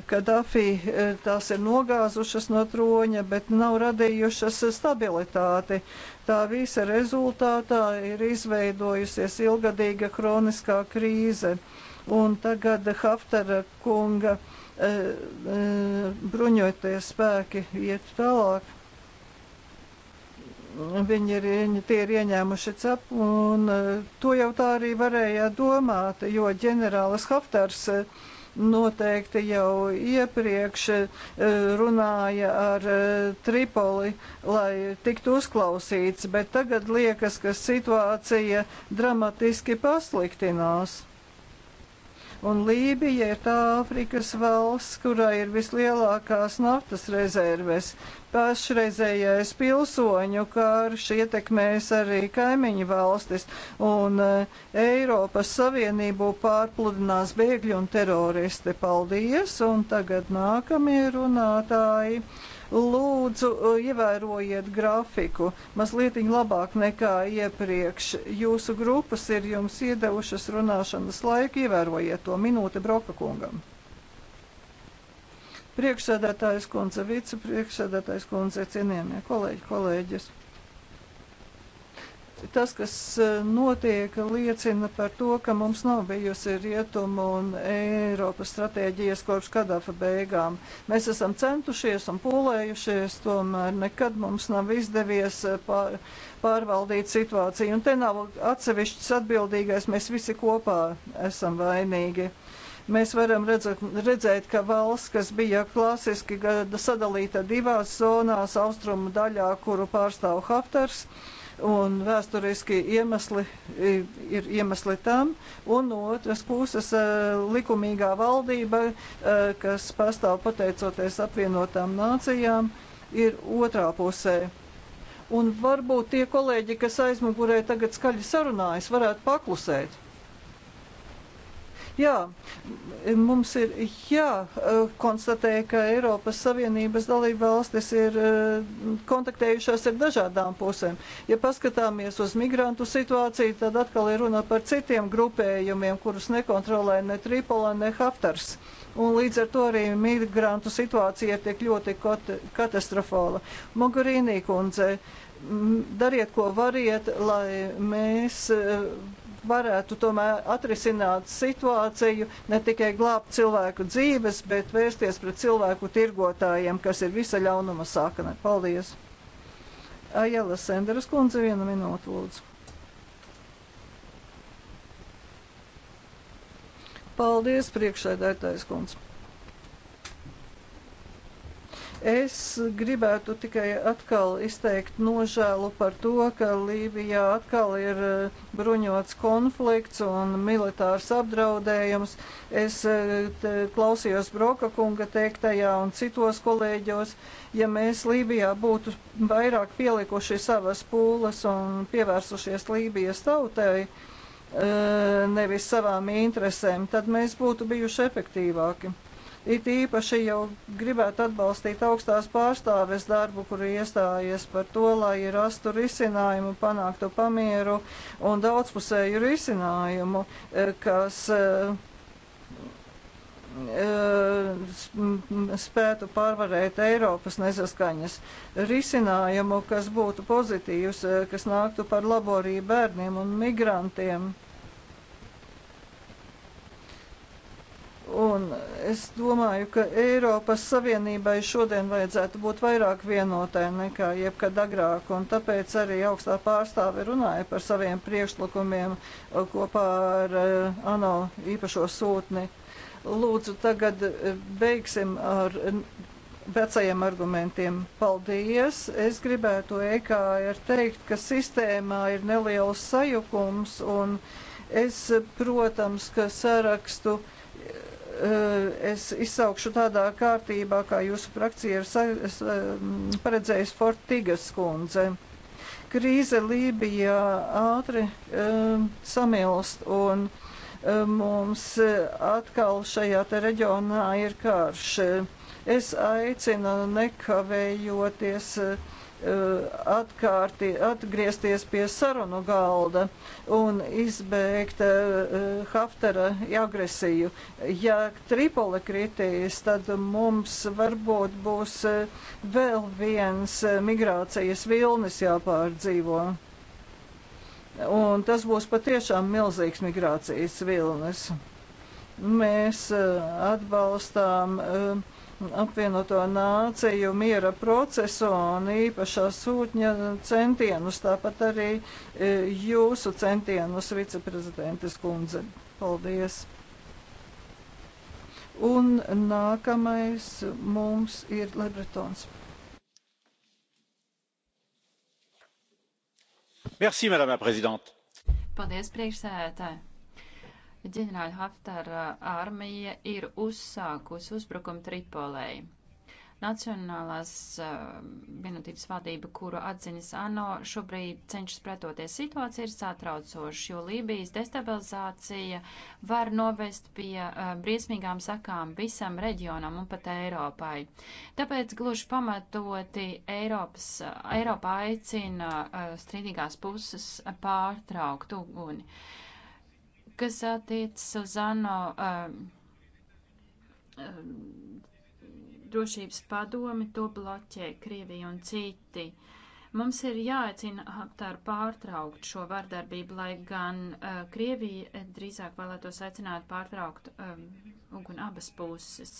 Kadafī e, tās ir nogāzušas no troņa, bet nav radījušas stabilitāti. Tā visa rezultātā ir izveidojusies ilgadīga kroniskā krīze. Un tagad Haftara kunga e, e, bruņoties spēki iet tālāk viņi ir, tie ir ieņēmuši cep, un e, to jau tā arī varēja domāt, jo ģenerālis Haftars e, noteikti jau iepriekš e, runāja ar Tripoli, lai tiktu uzklausīts, bet tagad liekas, ka situācija dramatiski pasliktinās. Un Lībija ir tā Āfrikas valsts, kurā ir vislielākās naftas rezerves. Pašreizējais pilsoņu karš ietekmēs arī kaimiņu valstis, un eh, Eiropas Savienību pārpludinās bēgļi un teroristi. Paldies, un tagad nākamie runātāji. Lūdzu, uh, ievērojiet grafiku mazliet labāk nekā iepriekš. Jūsu grupas ir jums iedevušas runāšanas laiku, ievērojiet to minūti Broka kungam. Priekšsēdētājs kundze, vicepriekšsēdētājs kundze, cienījamie kolēģi, kolēģis. Tas, kas eh, notiek, liecina par to, ka mums nav bijusi rietumu un Eiropas stratēģijas kopš Kadafa beigām. Mēs esam centušies un pūlējušies, tomēr nekad mums nav izdevies eh, pār, pārvaldīt situāciju. Un te nav atsevišķs atbildīgais, mēs visi kopā esam vainīgi mēs varam redzēt, redzēt, ka valsts, kas bija klasiski sadalīta divās zonās, austrumu daļā, kuru pārstāv Haftars, uh, un vēsturiski iemesli ir iemesli tam, un no otras puses e, likumīgā valdība, e, kas pastāv pateicoties apvienotām nācijām, ir otrā pusē. Un varbūt tie kolēģi, kas aizmugurē tagad skaļi sarunājas, varētu paklusēt. Jā, mums ir jākonstatē, e, ka Eiropas Savienības dalība valstis ir e, kontaktējušās ar dažādām pusēm. Ja paskatāmies uz migrantu situāciju, tad atkal ir runa par citiem grupējumiem, kurus nekontrolē ne Tripola, ne Haftars un līdz ar to arī migrantu situācija tiek ļoti katastrofāla. Mogurīnī kundze, dariet, ko variet, lai mēs e, varētu tomēr atrisināt situāciju, ne tikai glābt cilvēku dzīves, bet vērsties pret cilvēku tirgotājiem, kas ir visa ļaunuma sākane. Paldies! Ajala Senderas kundze, viena minūte lūdzu. Paldies, priekšsēdētājs kundze. Es gribētu tikai atkal izteikt nožēlu par to, ka Lībijā atkal ir eh, bruņots konflikts un militārs apdraudējums. Es eh, te, klausījos Broka kunga teiktajā un citos kolēģos. Ja mēs Lībijā būtu vairāk pielikuši savas pūles un pievērsušies Lībijas tautai, eh, nevis savām interesēm, tad mēs būtu bijuši efektīvāki. It īpaši jau gribētu atbalstīt augstās pārstāves darbu, kur iestājies par to, lai rastu risinājumu, panāktu pamieru un daudzpusēju risinājumu, eh, kas eh, eh, spētu pārvarēt Eiropas nesaskaņas risinājumu, kas būtu pozitīvs, kas nāktu par labu arī bērniem un migrantiem Un es domāju, ka Eiropas Savienībai šodien vajadzētu būt vairāk vienotai nekā jebkad agrāk, un tāpēc arī augstā pārstāve runāja par saviem priekšlikumiem uh, kopā ar uh, ANO īpašo sūtni. Lūdzu, tagad uh, beigsim ar vecajiem argumentiem. Paldies! Es gribētu EKR teikt, ka sistēmā ir neliels sajukums, un es, protams, ka sarakstu. Uh, Eh, es izsaukšu tādā kārtībā, kā jūsu frakcija ir eh, paredzējusi Fortigas kundze. Krīze Lībijā ātri um, samilst un um, mums atkal šajā te reģionā ir karš. Es aicinu nekavējoties uh, Eh, atkārti, atgriezties pie sarunu galda un izbeigt uh, eh, Haftara agresiju. Ja Tripoli kritīs, tad mums varbūt būs uh, vēl viens uh, migrācijas vilnis jāpārdzīvo. Un tas būs patiešām milzīgs migrācijas vilnis. Mēs uh, atbalstām uh, apvienoto nāciju miera procesu un īpašā sūtņa centienus, tāpat arī e, jūsu centienus, viceprezidentes kundze. Paldies! Un nākamais mums ir Lebretons. Merci, madame la présidente. Paldies, priekšsēdētāji ģenerāļa Haftara armija ir uzsākusi uzbrukumu Tripolēji. Nacionālās uh, vienotības vadība, kuru atziņas ANO, šobrīd cenšas pretoties situācija ir satraucoša, jo Lībijas destabilizācija var novest pie uh, briesmīgām sakām visam reģionam un pat Eiropai. Tāpēc gluži pamatoti Eiropas, uh, Eiropa aicina uh, strīdīgās puses pārtraukt uguni. Uh, kas attiecas uz ANO um, um, drošības padomi, to bloķē Krievija un citi. Mums ir jāaicina Haftāru pārtraukt šo vardarbību, lai gan uh, Krievija drīzāk vēlētos aicināt pārtraukt um, uguni abas puses.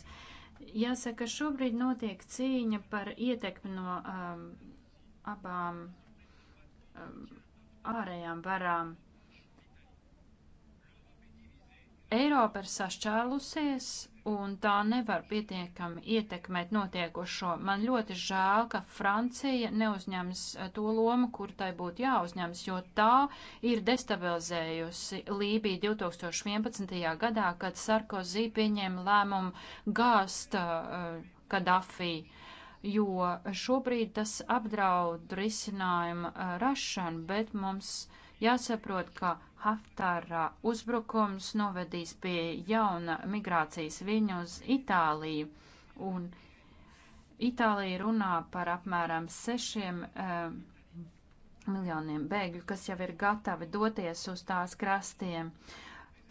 Jāsaka, šobrīd notiek cīņa par ietekmi no um, abām um, ārējām varām. Eiropa ir sašķēlusies un tā nevar pietiekami ietekmēt notiekošo. Man ļoti žēl, ka Francija neuzņems eh, to lomu, kur tai būtu jāuzņems, jo tā ir destabilizējusi Lībiju 2011. gadā, kad Sarkozī pieņēma lēmumu gāzt eh, Kadafī, jo šobrīd tas apdraud risinājumu eh, rašanu, bet mums. Uh, Jāsaprot, ka Haftara uzbrukums novedīs pie jauna migrācijas viņa uz Itāliju, un Itālija runā par apmēram sešiem um, miljoniem bēgļu, kas jau ir gatavi doties uz tās krastiem.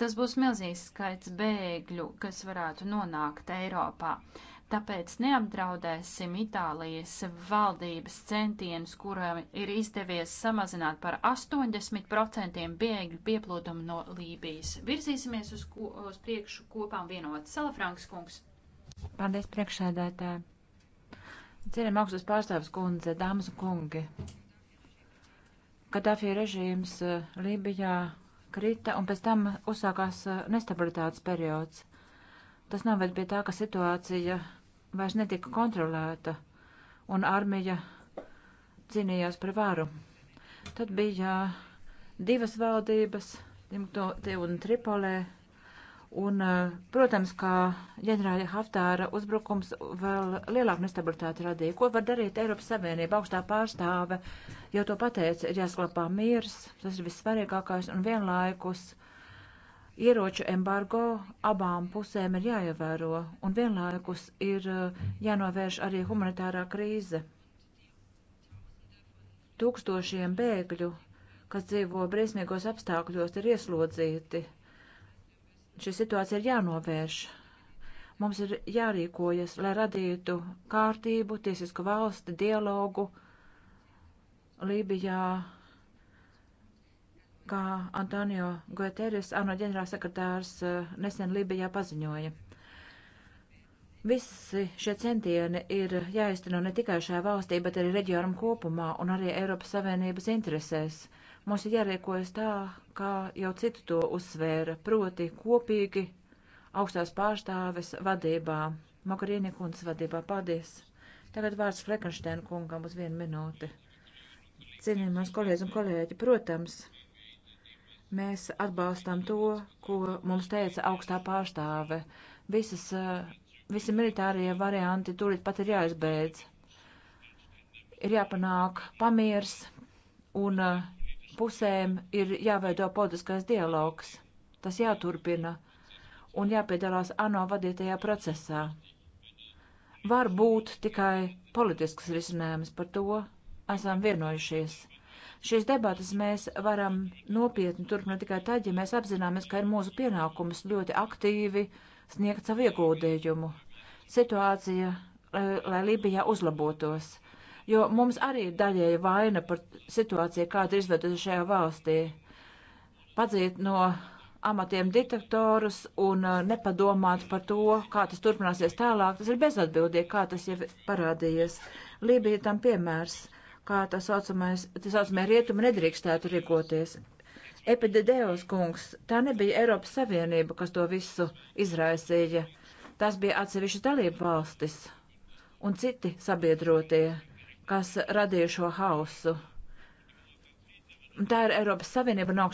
Tas būs milzīgs skaits bēgļu, kas varētu nonākt Eiropā. Uh, Tāpēc neapdraudēsim Itālijas valdības centienus, kurām ir izdevies samazināt par 80% bēgļu pieplūdumu no Lībijas. Virzīsimies uz, ko, uz priekšu kopā un vienot. Salafranks kungs. Paldies priekšsēdētāji. Cieniem augstas pārstāvs kundze, dāmas un kungi. Kadafī režīms eh, Lībijā krita un pēc tam uzsākās eh, nestabilitātes periods. Tas noved pie tā, ka situācija vairs netika kontrolēta, un armija cīnījās par varu. Tad bija divas valdības, Timotē un Tripolē, un, protams, kā ģenerāla Haftāra uzbrukums vēl lielāku nestabilitāti radīja. Ko var darīt Eiropas Savienība? Augstā pārstāve jau to pateica, ir jāsklapā miers, tas ir vissvarīgākais, un vienlaikus uh, ieroču embargo abām pusēm ir jāievēro, un vienlaikus ir eh, jānovērš arī humanitārā krīze. Tūkstošiem bēgļu, kas dzīvo briesmīgos apstākļos, ir ieslodzīti. Šī situācija ir jānovērš. Mums ir jārīkojas, lai radītu kārtību, tiesisku valsti, dialogu Lībijā kā Antonio Gueteris, ANO ģenerālsekretārs, eh, nesen Libijā paziņoja. Visi šie centieni ir jāizteno ne tikai šajā valstī, bet arī reģionam kopumā un arī Eiropas Savienības interesēs. Mums ir jārīkojas tā, kā jau citu to uzsvēra, proti kopīgi augstās pārstāves vadībā, Mokarīni kundas vadībā. Paldies! Tagad vārds Frekenštēna kungam uz vienu minūti. Cienījumās kolēģis un kolēģi, protams, Mēs atbalstam to, ko mums teica augstā pārstāve. Visas, eh, visi militārie varianti tūlīt pat ir jāizbeidz. Ir jāpanāk pamiers un eh, pusēm ir jāveido politiskais dialogs. Tas jāturpina un jāpiedalās ANO vadītajā procesā. Var būt tikai politisks risinājums par to, esam vienojušies Šīs debatas mēs varam nopietni turpināt tikai tad, ja mēs apzināmies, ka ir mūsu pienākums ļoti aktīvi sniegt savu ieguldījumu. Situācija, lai Lībijā uzlabotos, jo mums arī ir daļēja vaina par situāciju, kāda ir izvedusi šajā valstī. Padzīt no amatiem diktatorus un uh, nepadomāt par to, kā tas turpināsies tālāk. Tas ir bezatbildīgi, kā tas jau parādījies. Lībija tam piemērs kā tā saucamais, tā saucamie rietumi nedrīkstētu rīkoties. Epidēdējos kungs, tā nebija Eiropas Savienība, kas to visu izraisīja. Tas bija atsevišķi dalību valstis un citi sabiedrotie, kas radīja šo hausu. Un tā ir Eiropas Savienība un augsts.